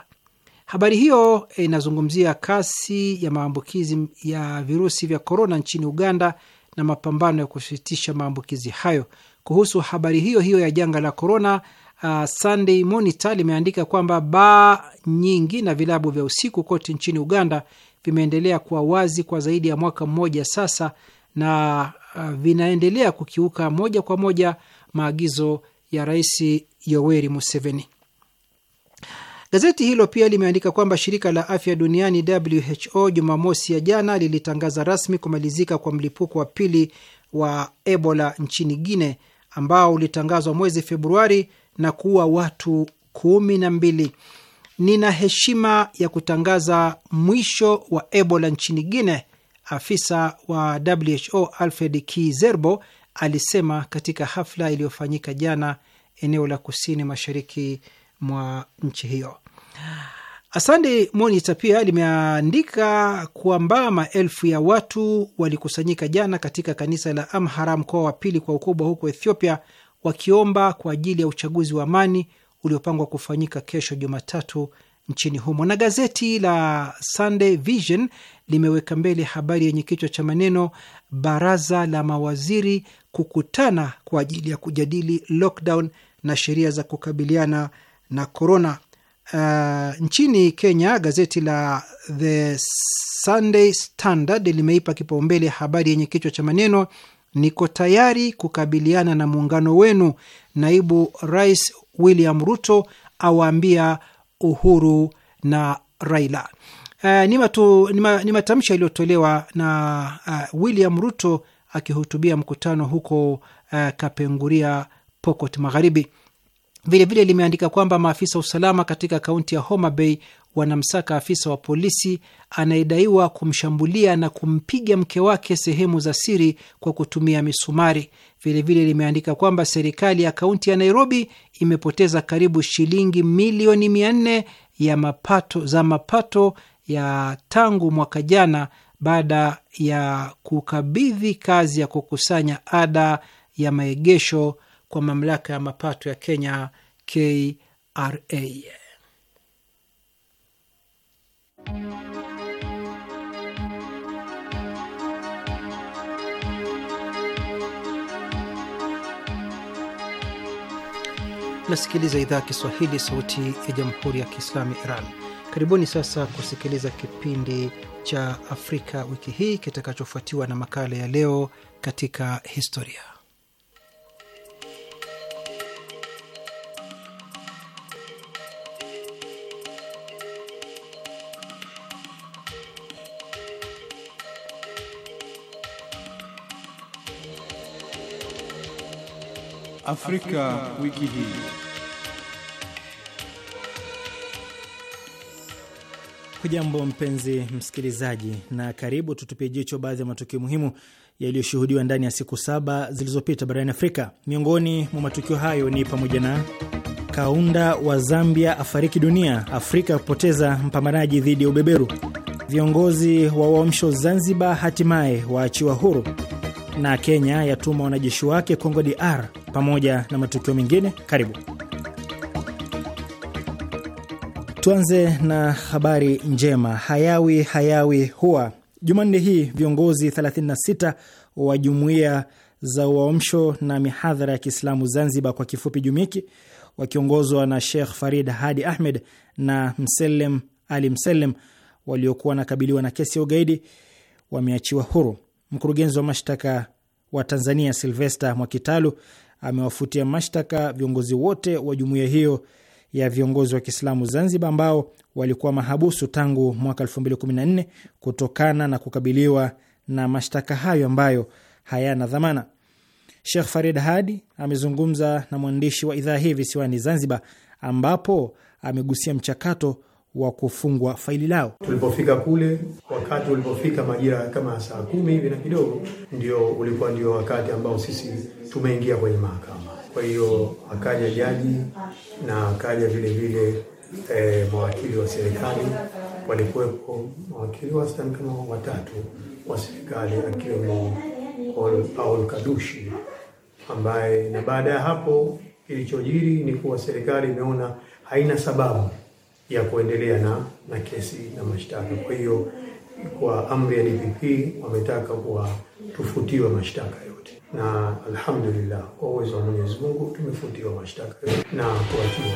Habari hiyo eh, inazungumzia kasi ya maambukizi ya virusi vya korona nchini Uganda na mapambano ya kusitisha maambukizi hayo. Kuhusu habari hiyo hiyo ya janga la korona, uh, Sunday Monitor limeandika kwamba baa nyingi na vilabu vya usiku kote nchini Uganda vimeendelea kuwa wazi kwa zaidi ya mwaka mmoja sasa, na Uh, vinaendelea kukiuka moja kwa moja maagizo ya Rais Yoweri Museveni. Gazeti hilo pia limeandika kwamba shirika la afya duniani WHO Jumamosi ya jana lilitangaza rasmi kumalizika kwa mlipuko wa pili wa Ebola nchini guine ambao ulitangazwa mwezi Februari na kuua watu kumi na mbili. Nina heshima ya kutangaza mwisho wa Ebola nchini Guinea afisa wa WHO Alfred Kizerbo alisema katika hafla iliyofanyika jana eneo la kusini mashariki mwa nchi hiyo. Asande Monita pia limeandika kwamba maelfu ya watu walikusanyika jana katika kanisa la Amhara, mkoa wa pili kwa ukubwa huko Ethiopia, wakiomba kwa ajili ya uchaguzi wa amani uliopangwa kufanyika kesho Jumatatu nchini humo. Na gazeti la Sunday Vision limeweka mbele habari yenye kichwa cha maneno baraza la mawaziri kukutana kwa ajili ya kujadili lockdown na sheria za kukabiliana na korona. Uh, nchini Kenya gazeti la The Sunday Standard limeipa kipaumbele habari yenye kichwa cha maneno niko tayari kukabiliana na muungano wenu, naibu rais William Ruto awaambia Uhuru na Raila. Uh, ni, matu, ni, ma, ni matamshi yaliyotolewa na uh, William Ruto akihutubia mkutano huko uh, Kapenguria, Pokot Magharibi. Vilevile limeandika kwamba maafisa wa usalama katika kaunti ya Homa Bay wanamsaka afisa wa polisi anayedaiwa kumshambulia na kumpiga mke wake sehemu za siri kwa kutumia misumari. Vilevile limeandika kwamba serikali ya kaunti ya Nairobi imepoteza karibu shilingi milioni mia nne ya mapato za mapato ya tangu mwaka jana baada ya kukabidhi kazi ya kukusanya ada ya maegesho kwa mamlaka ya mapato ya Kenya KRA. Nasikiliza idhaa Kiswahili sauti ya jamhuri ya kiislamu Iran. Karibuni sasa kusikiliza kipindi cha Afrika wiki hii kitakachofuatiwa na makala ya leo katika historia. Afrika, wiki hii. Hujambo mpenzi msikilizaji, na karibu tutupie jicho baadhi ya matukio muhimu yaliyoshuhudiwa ndani ya siku saba zilizopita barani Afrika. Miongoni mwa matukio hayo ni pamoja na Kaunda wa Zambia afariki dunia, Afrika kupoteza mpambanaji dhidi ya ubeberu, viongozi wa Uamsho Zanzibar hatimaye waachiwa huru na Kenya yatuma wanajeshi wake Kongo DR, pamoja na matukio mengine. Karibu tuanze na habari njema. Hayawi hayawi huwa Jumanne hii viongozi 36 wa jumuiya za uamsho na mihadhara ya Kiislamu Zanzibar, kwa kifupi Jumiki, wakiongozwa na Sheikh Farid Hadi Ahmed na Mselem Ali Mselem, waliokuwa wanakabiliwa na kesi ya ugaidi wameachiwa huru. Mkurugenzi wa mashtaka wa Tanzania Silvesta Mwakitalu amewafutia mashtaka viongozi wote wa jumuiya hiyo ya viongozi wa Kiislamu Zanzibar ambao walikuwa mahabusu tangu mwaka 2014 kutokana na kukabiliwa na mashtaka hayo ambayo hayana dhamana. Sheikh Farid Hadi amezungumza na mwandishi wa idhaa hii visiwani Zanzibar, ambapo amegusia mchakato wa kufungwa faili lao. Tulipofika kule, wakati ulipofika majira kama saa kumi hivi na kidogo, ndio ulikuwa ndio wakati ambao sisi tumeingia kwenye mahakama. Kwa hiyo akaja jaji na akaja vilevile e, eh, mawakili wa serikali walikuwepo, mawakili wastani kama watatu wa serikali akiwemo Paul Kadushi ambaye, na baada ya hapo, kilichojiri ni kuwa serikali imeona haina sababu ya kuendelea na, na kesi na mashtaka. Kwa hiyo kwa amri ya DPP wametaka tufutiwe mashtaka yote, na alhamdulillah kwa uwezo wa Mwenyezi Mungu tumefutiwa mashtaka yote na kuachiwa.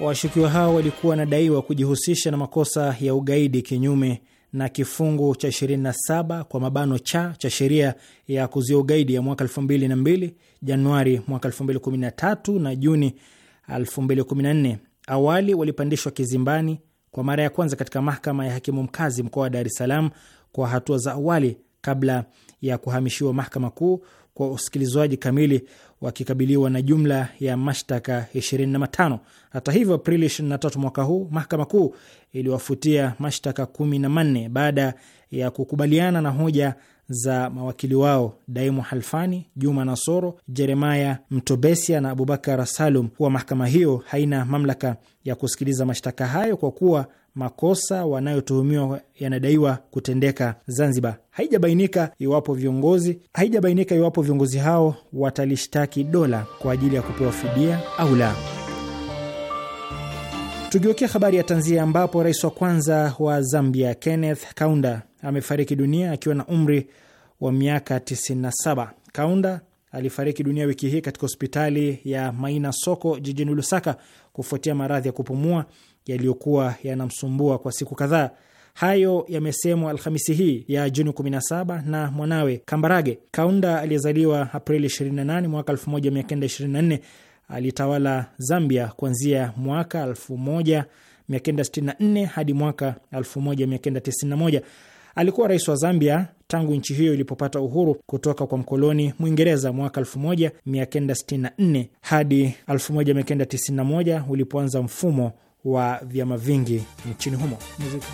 Washukiwa hao walikuwa wanadaiwa kujihusisha na makosa ya ugaidi kinyume na kifungu cha 27 kwa mabano cha cha sheria ya kuzuia ugaidi ya mwaka 2002 Januari mwaka 2013 na Juni 2014. Awali walipandishwa kizimbani kwa mara ya kwanza katika mahakama ya hakimu mkazi mkoa wa Dar es Salaam kwa hatua za awali kabla ya kuhamishiwa mahakama kuu kwa usikilizwaji kamili, wakikabiliwa na jumla ya mashtaka 25. Hata hivyo, Aprili 23 mwaka huu mahakama kuu iliwafutia mashtaka 14 baada ya kukubaliana na hoja za mawakili wao Daimu Halfani, Juma Nasoro, Jeremaya Mtobesia na Abubakar Salum kuwa mahakama hiyo haina mamlaka ya kusikiliza mashtaka hayo kwa kuwa makosa wanayotuhumiwa yanadaiwa kutendeka Zanzibar. Haijabainika iwapo viongozi haijabainika iwapo viongozi hao watalishtaki dola kwa ajili ya kupewa fidia au la. Tugeukia habari ya tanzia ambapo rais wa kwanza wa Zambia Kenneth Kaunda amefariki dunia akiwa na umri wa miaka 97. Kaunda alifariki dunia wiki hii katika hospitali ya Maina Soko jijini Lusaka kufuatia maradhi ya kupumua yaliyokuwa yanamsumbua kwa siku kadhaa. Hayo yamesemwa Alhamisi hii ya Juni 17 na mwanawe Kambarage. Kaunda aliyezaliwa Aprili 28 mwaka 1924 alitawala Zambia kuanzia mwaka 1964 hadi mwaka 1991. Alikuwa rais wa Zambia tangu nchi hiyo ilipopata uhuru kutoka kwa mkoloni Mwingereza mwaka 1964 hadi 1991 ulipoanza mfumo wa vyama vingi nchini humo. Muziki.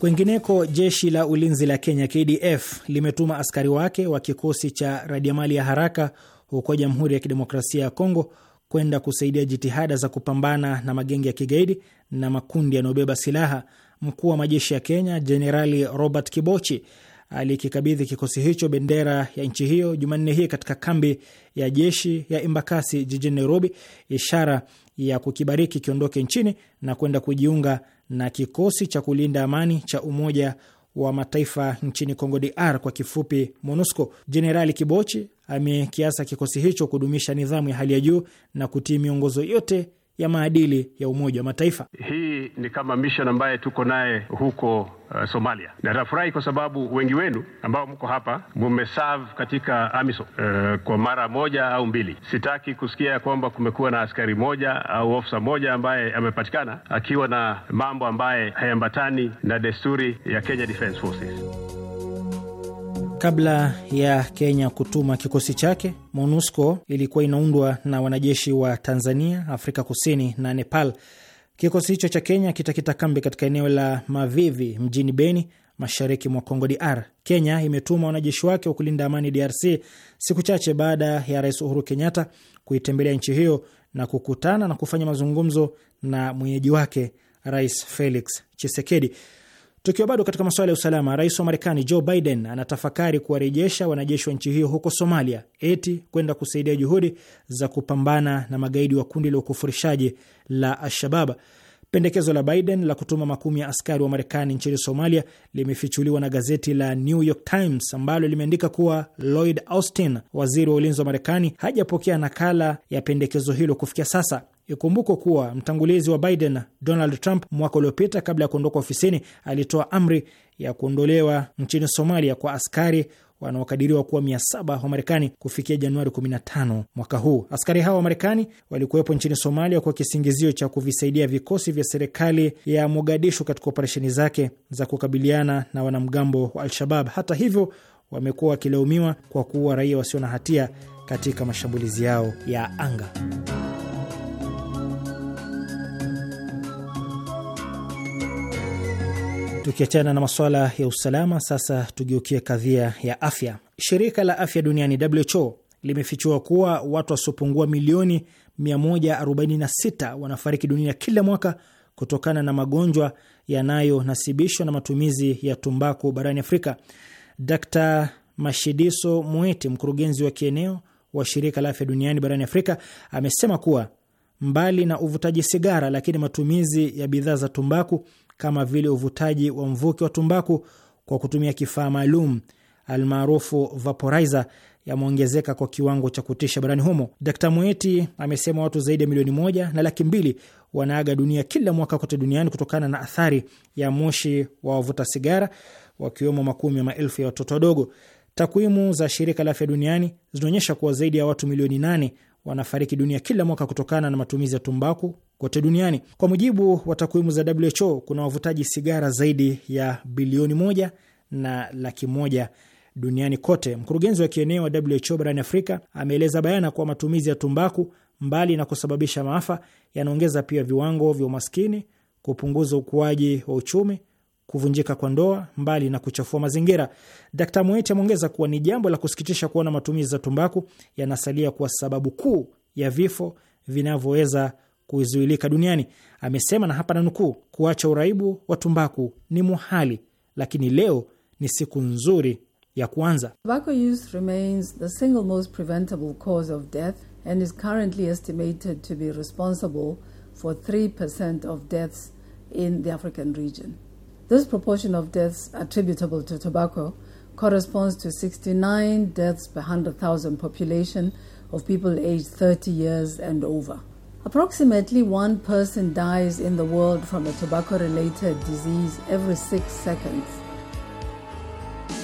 Kwengineko, jeshi la ulinzi la Kenya KDF limetuma askari wake wa kikosi cha radiamali ya haraka huko Jamhuri ya Kidemokrasia ya Kongo kwenda kusaidia jitihada za kupambana na magenge ya kigaidi na makundi yanayobeba silaha. Mkuu wa majeshi ya Kenya Jenerali Robert Kibochi alikikabidhi kikosi hicho bendera ya nchi hiyo Jumanne hii katika kambi ya jeshi ya Embakasi jijini Nairobi, ishara ya kukibariki kiondoke nchini na kwenda kujiunga na kikosi cha kulinda amani cha Umoja wa Mataifa nchini Kongo DR, kwa kifupi MONUSCO. Jenerali Kibochi amekiasa kikosi hicho kudumisha nidhamu ya hali ya juu na kutii miongozo yote ya maadili ya Umoja wa Mataifa. Hii ni kama mission ambaye tuko naye huko uh, Somalia, na tafurahi kwa sababu wengi wenu ambao mko hapa mumeserve katika AMISOM uh, kwa mara moja au mbili. Sitaki kusikia ya kwamba kumekuwa na askari moja au ofisa moja ambaye amepatikana akiwa na mambo ambaye hayambatani na desturi ya Kenya Defence Forces. Kabla ya Kenya kutuma kikosi chake, MONUSCO ilikuwa inaundwa na wanajeshi wa Tanzania, Afrika Kusini na Nepal. Kikosi hicho cha Kenya kitakita kambi katika eneo la Mavivi mjini Beni, mashariki mwa Congo DR. Kenya imetuma wanajeshi wake wa kulinda amani DRC siku chache baada ya Rais Uhuru Kenyatta kuitembelea nchi hiyo na kukutana na kufanya mazungumzo na mwenyeji wake Rais Felix chisekedi Tukiwa bado katika masuala ya usalama, rais wa Marekani Joe Biden anatafakari kuwarejesha wanajeshi wa nchi hiyo huko Somalia, eti kwenda kusaidia juhudi za kupambana na magaidi wa kundi la ukufurishaji la alshabab Pendekezo la Biden la kutuma makumi ya askari wa Marekani nchini Somalia limefichuliwa na gazeti la New York Times ambalo limeandika kuwa Lloyd Austin, waziri wa ulinzi wa Marekani, hajapokea nakala ya pendekezo hilo kufikia sasa. Ikumbukwe kuwa mtangulizi wa Biden, Donald Trump, mwaka uliopita kabla ya kuondoka ofisini, alitoa amri ya kuondolewa nchini Somalia kwa askari wanaokadiriwa kuwa saba wa Marekani kufikia Januari 15 mwaka huu. Askari hao wa Marekani walikuwepo nchini Somalia kwa kisingizio cha kuvisaidia vikosi vya serikali ya Mogadishu katika operesheni zake za kukabiliana na wanamgambo wa Al-Shabab. Hata hivyo, wamekuwa wakilaumiwa kwa kuua raia wasio na hatia katika mashambulizi yao ya anga. Tukiachana na masuala ya usalama, sasa tugeukie kadhia ya afya. Shirika la afya duniani WHO limefichua kuwa watu wasiopungua milioni 146 wanafariki dunia kila mwaka kutokana na magonjwa yanayonasibishwa na matumizi ya tumbaku barani Afrika. Dr Mashidiso mweti mkurugenzi wa kieneo wa shirika la afya duniani barani Afrika, amesema kuwa mbali na uvutaji sigara, lakini matumizi ya bidhaa za tumbaku kama vile uvutaji wa mvuke wa tumbaku kwa kutumia kifaa maalum almaarufu vaporizer yameongezeka kwa kiwango cha kutisha barani humo. Dkt Mweti amesema watu zaidi ya milioni moja na laki mbili wanaaga dunia kila mwaka kote duniani kutokana na athari ya moshi wa wavuta sigara, wakiwemo makumi ya maelfu ya watoto wadogo. Takwimu za shirika la afya duniani zinaonyesha kuwa zaidi ya watu milioni nane wanafariki dunia kila mwaka kutokana na matumizi ya tumbaku kote duniani. Kwa mujibu wa takwimu za WHO, kuna wavutaji sigara zaidi ya bilioni moja na laki moja duniani kote. Mkurugenzi wa kieneo wa WHO barani Afrika ameeleza bayana kuwa matumizi ya tumbaku, mbali na kusababisha maafa, yanaongeza pia viwango vya umaskini, kupunguza ukuaji wa uchumi, kuvunjika kwa ndoa, mbali na kuchafua mazingira. Dkt Mwete ameongeza kuwa ni jambo la kusikitisha kuona matumizi ya tumbaku yanasalia kuwa sababu kuu ya vifo vinavyoweza kuzuilika duniani. Amesema, na hapa na nukuu, kuacha uraibu wa tumbaku ni muhali, lakini leo ni siku nzuri ya kuanza. Tobacco use remains the single most preventable cause of death and is currently estimated to be responsible for 3% of deaths in the African region. This proportion of deaths attributable to tobacco corresponds to 69 deaths per 100,000 population of people aged 30 years and over. Approximately one person dies in the world from a tobacco related disease every six seconds.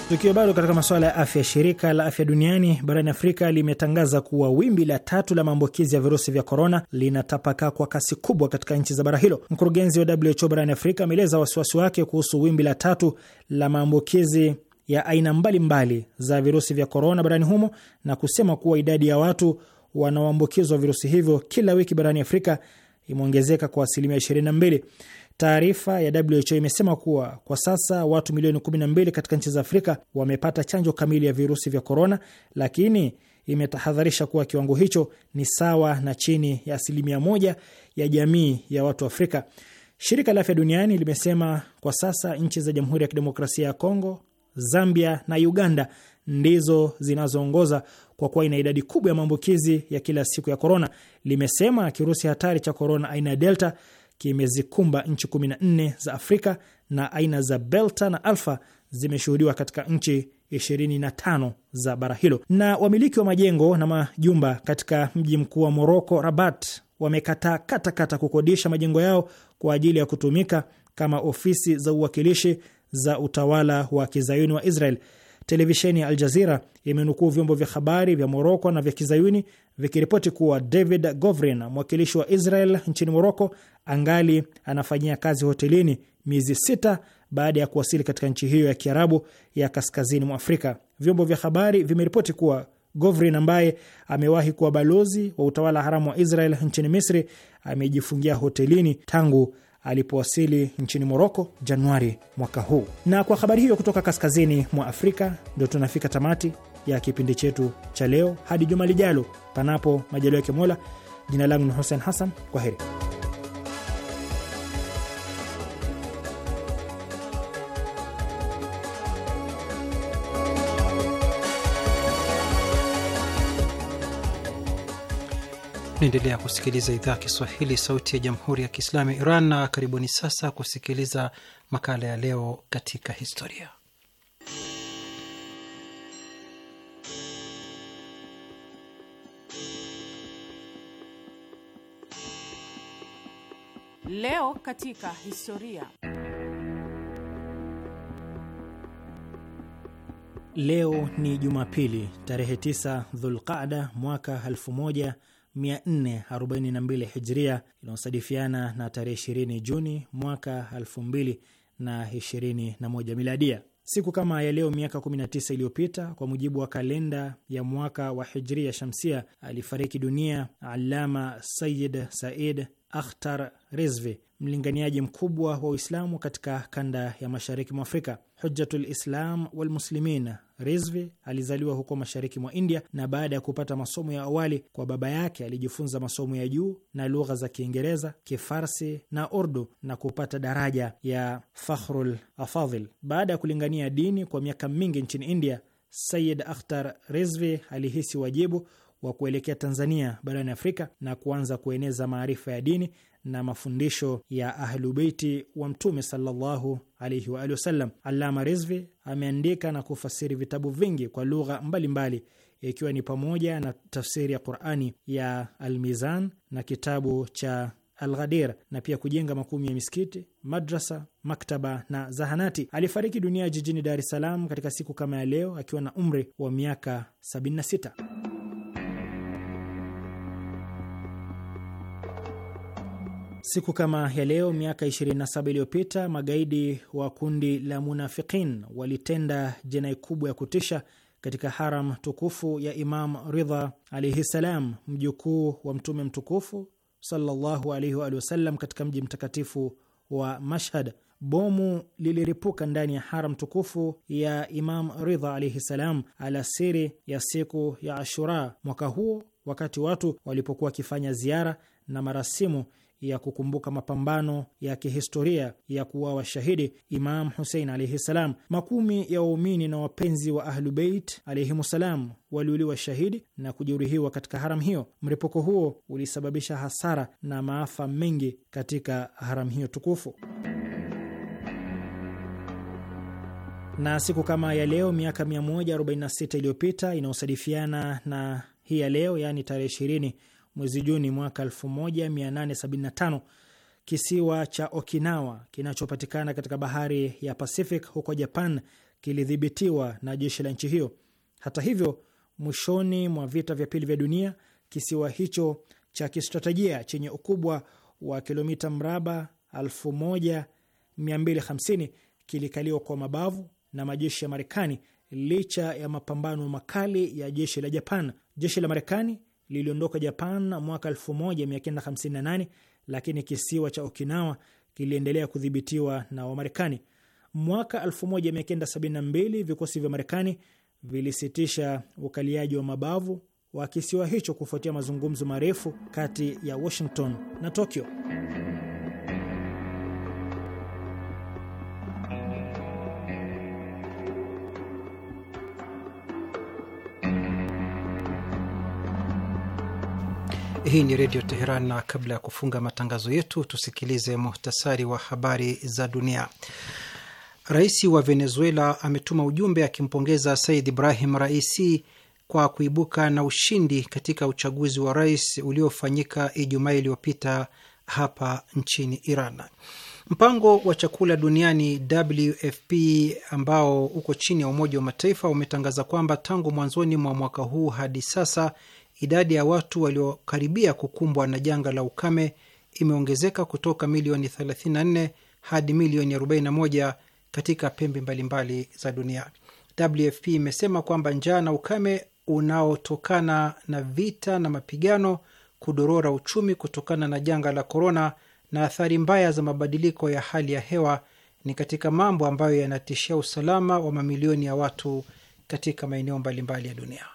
Tukiwa bado katika masuala ya afya, shirika la afya duniani barani Afrika limetangaza kuwa wimbi la tatu la maambukizi ya virusi vya korona linatapakaa kwa kasi kubwa katika nchi za bara hilo. Mkurugenzi wa WHO barani Afrika ameeleza wasiwasi wake kuhusu wimbi la tatu la maambukizi ya aina mbalimbali mbali za virusi vya korona barani humo na kusema kuwa idadi ya watu wanaoambukizwa virusi hivyo kila wiki barani Afrika imeongezeka kwa asilimia 22. Taarifa ya WHO imesema kuwa kwa sasa watu milioni 12 katika nchi za Afrika wamepata chanjo kamili ya virusi vya korona, lakini imetahadharisha kuwa kiwango hicho ni sawa na chini ya asilimia moja ya jamii ya watu Afrika. Shirika la Afya Duniani limesema kwa sasa nchi za Jamhuri ya Kidemokrasia ya Kongo, Zambia na Uganda ndizo zinazoongoza kwa kuwa ina idadi kubwa ya maambukizi ya kila siku ya korona, limesema. Kirusi hatari cha korona aina ya Delta kimezikumba nchi 14 za Afrika na aina za Belta na Alfa zimeshuhudiwa katika nchi 25 za bara hilo. Na wamiliki wa majengo na majumba katika mji mkuu wa Moroko, Rabat, wamekataa katakata kukodisha majengo yao kwa ajili ya kutumika kama ofisi za uwakilishi za utawala wa kizayuni wa Israel televisheni ya Al Jazira imenukuu vyombo vya habari vya Moroko na vya kizayuni vikiripoti kuwa David Govrin, mwakilishi wa Israel nchini Moroko, angali anafanyia kazi hotelini miezi sita baada ya kuwasili katika nchi hiyo ya kiarabu ya kaskazini mwa Afrika. Vyombo vya habari vimeripoti kuwa Govrin ambaye amewahi kuwa balozi wa utawala haramu wa Israel nchini Misri amejifungia hotelini tangu alipowasili nchini Moroko Januari mwaka huu. Na kwa habari hiyo kutoka kaskazini mwa Afrika, ndio tunafika tamati ya kipindi chetu cha leo. Hadi juma lijalo, panapo majaliwa yake Mola. Jina langu ni Hussein Hassan, kwa heri. Naendelea kusikiliza idhaa ya Kiswahili, sauti ya jamhuri ya kiislamu ya Iran, na karibuni sasa kusikiliza makala ya leo katika historia. Leo katika historia. Leo ni Jumapili, tarehe 9 Dhulqada mwaka 442 hijria inayosadifiana na tarehe 20 Juni mwaka 2021 miladia. Siku kama ya leo miaka 19 iliyopita kwa mujibu wa kalenda ya mwaka wa hijria shamsia alifariki dunia Alama Sayid Said Akhtar Rizvi, mlinganiaji mkubwa wa Uislamu katika kanda ya mashariki mwa Afrika. Hujjatul Islam Walmuslimin Rizvi alizaliwa huko mashariki mwa India na baada ya kupata masomo ya awali kwa baba yake alijifunza masomo ya juu na lugha za Kiingereza, Kifarsi na Urdu na kupata daraja ya Fakhrul Afadhil. Baada ya kulingania dini kwa miaka mingi nchini India, Sayid Akhtar Rizvi alihisi wajibu wa kuelekea Tanzania barani Afrika na kuanza kueneza maarifa ya dini na mafundisho ya Ahlubeiti wa Mtume sallallahu alaihi wa alihi wasallam. Allama Rizvi ameandika na kufasiri vitabu vingi kwa lugha mbalimbali ikiwa ni pamoja na tafsiri ya Qurani ya Almizan na kitabu cha Alghadir na pia kujenga makumi ya misikiti, madrasa, maktaba na zahanati. Alifariki dunia jijini Dar es Salaam katika siku kama ya leo akiwa na umri wa miaka 76. Siku kama ya leo miaka 27 iliyopita magaidi wa kundi la Munafiqin walitenda jinai kubwa ya kutisha katika haram tukufu ya Imam Ridha alaihi salam, mjukuu wa Mtume mtukufu sallallahu alaihi wa alihi wasallam, katika mji mtakatifu wa Mashhad. Bomu liliripuka ndani ya haram tukufu ya Imam Ridha alaihi salam alasiri ya siku ya Ashura mwaka huo, wakati watu walipokuwa wakifanya ziara na marasimu ya kukumbuka mapambano ya kihistoria ya kuwawa shahidi Imam Husein alaihi ssalam. Makumi ya waumini na wapenzi wa Ahlubeit alaihimu ssalam waliuliwa shahidi na kujeruhiwa katika haram hiyo. Mlipuko huo ulisababisha hasara na maafa mengi katika haram hiyo tukufu. Na siku kama ya leo miaka 146 iliyopita inayosadifiana na hii ya leo, yaani tarehe 20 mwezi Juni mwaka 1875 kisiwa cha Okinawa kinachopatikana katika bahari ya Pacific huko Japan kilidhibitiwa na jeshi la nchi hiyo. Hata hivyo, mwishoni mwa vita vya pili vya dunia kisiwa hicho cha kistratejia chenye ukubwa wa kilomita mraba 1250 kilikaliwa kwa mabavu na majeshi ya Marekani licha ya mapambano makali ya jeshi la Japan. Jeshi la Marekani liliondoka Japan mwaka 1958 lakini kisiwa cha Okinawa kiliendelea kudhibitiwa na Wamarekani. Mwaka 1972 vikosi vya Marekani vilisitisha ukaliaji wa mabavu wa kisiwa hicho kufuatia mazungumzo marefu kati ya Washington na Tokyo. Hii ni Redio Teheran, na kabla ya kufunga matangazo yetu tusikilize muhtasari wa habari za dunia. Rais wa Venezuela ametuma ujumbe akimpongeza Said Ibrahim Raisi kwa kuibuka na ushindi katika uchaguzi wa rais uliofanyika Ijumaa iliyopita hapa nchini Iran. Mpango wa chakula duniani WFP ambao uko chini ya Umoja wa Mataifa umetangaza kwamba tangu mwanzoni mwa mwaka huu hadi sasa idadi ya watu waliokaribia kukumbwa na janga la ukame imeongezeka kutoka milioni 34 hadi milioni 41 katika pembe mbalimbali za dunia. WFP imesema kwamba njaa na ukame unaotokana na vita na mapigano, kudorora uchumi kutokana na janga la korona na athari mbaya za mabadiliko ya hali ya hewa ni katika mambo ambayo yanatishia usalama wa mamilioni ya watu katika maeneo mbalimbali ya dunia.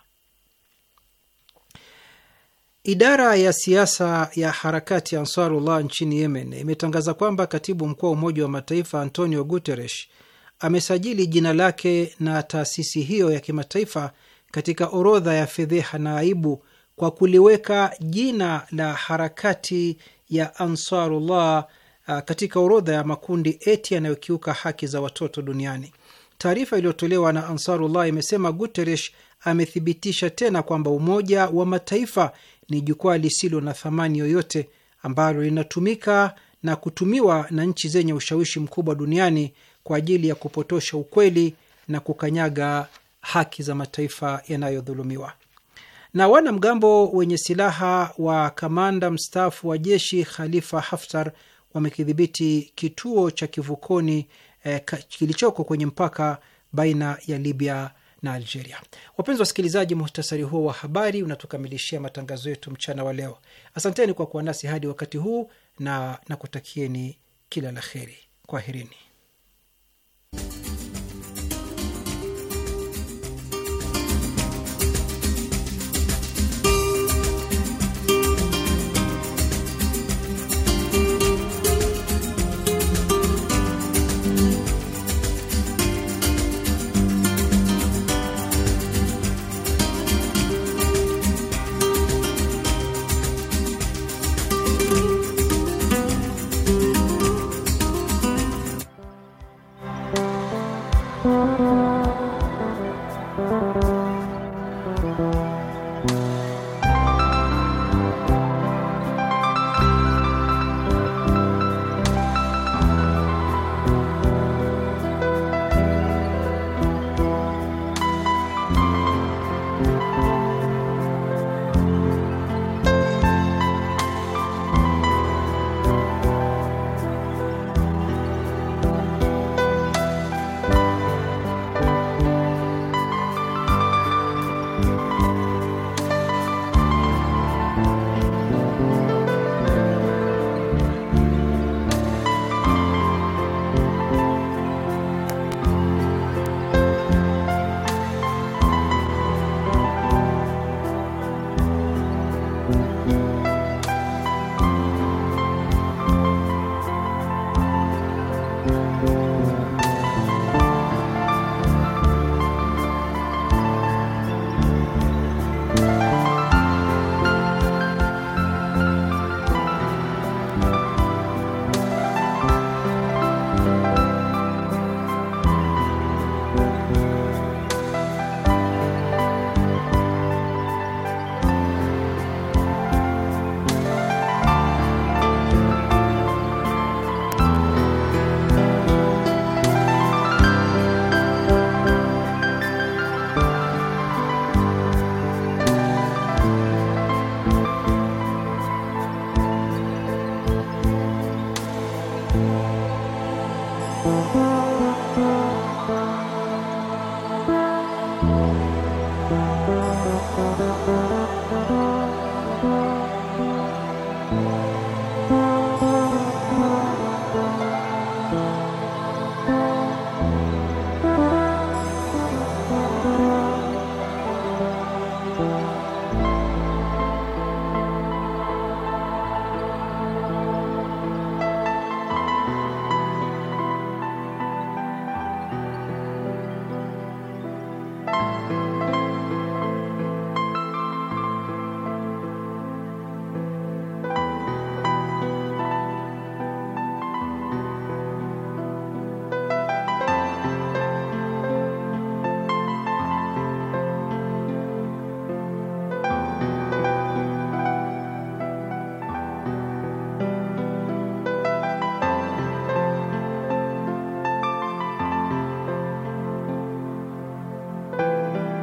Idara ya siasa ya harakati ya Ansarullah nchini Yemen imetangaza kwamba katibu mkuu wa Umoja wa Mataifa Antonio Guterres amesajili jina lake na taasisi hiyo ya kimataifa katika orodha ya fedheha na aibu kwa kuliweka jina la harakati ya Ansarullah uh, katika orodha ya makundi eti yanayokiuka haki za watoto duniani. Taarifa iliyotolewa na Ansarullah imesema Guterres amethibitisha tena kwamba Umoja wa Mataifa ni jukwaa lisilo na thamani yoyote ambalo linatumika na kutumiwa na nchi zenye ushawishi mkubwa duniani kwa ajili ya kupotosha ukweli na kukanyaga haki za mataifa yanayodhulumiwa. Na wanamgambo wenye silaha wa kamanda mstaafu wa jeshi Khalifa Haftar wamekidhibiti kituo cha kivukoni eh, kilichoko kwenye mpaka baina ya Libya na Algeria. Wapenzi wasikilizaji, muhtasari huo wa habari unatukamilishia matangazo yetu mchana wa leo. Asanteni kwa kuwa nasi hadi wakati huu na nakutakieni kila la heri. Kwaherini.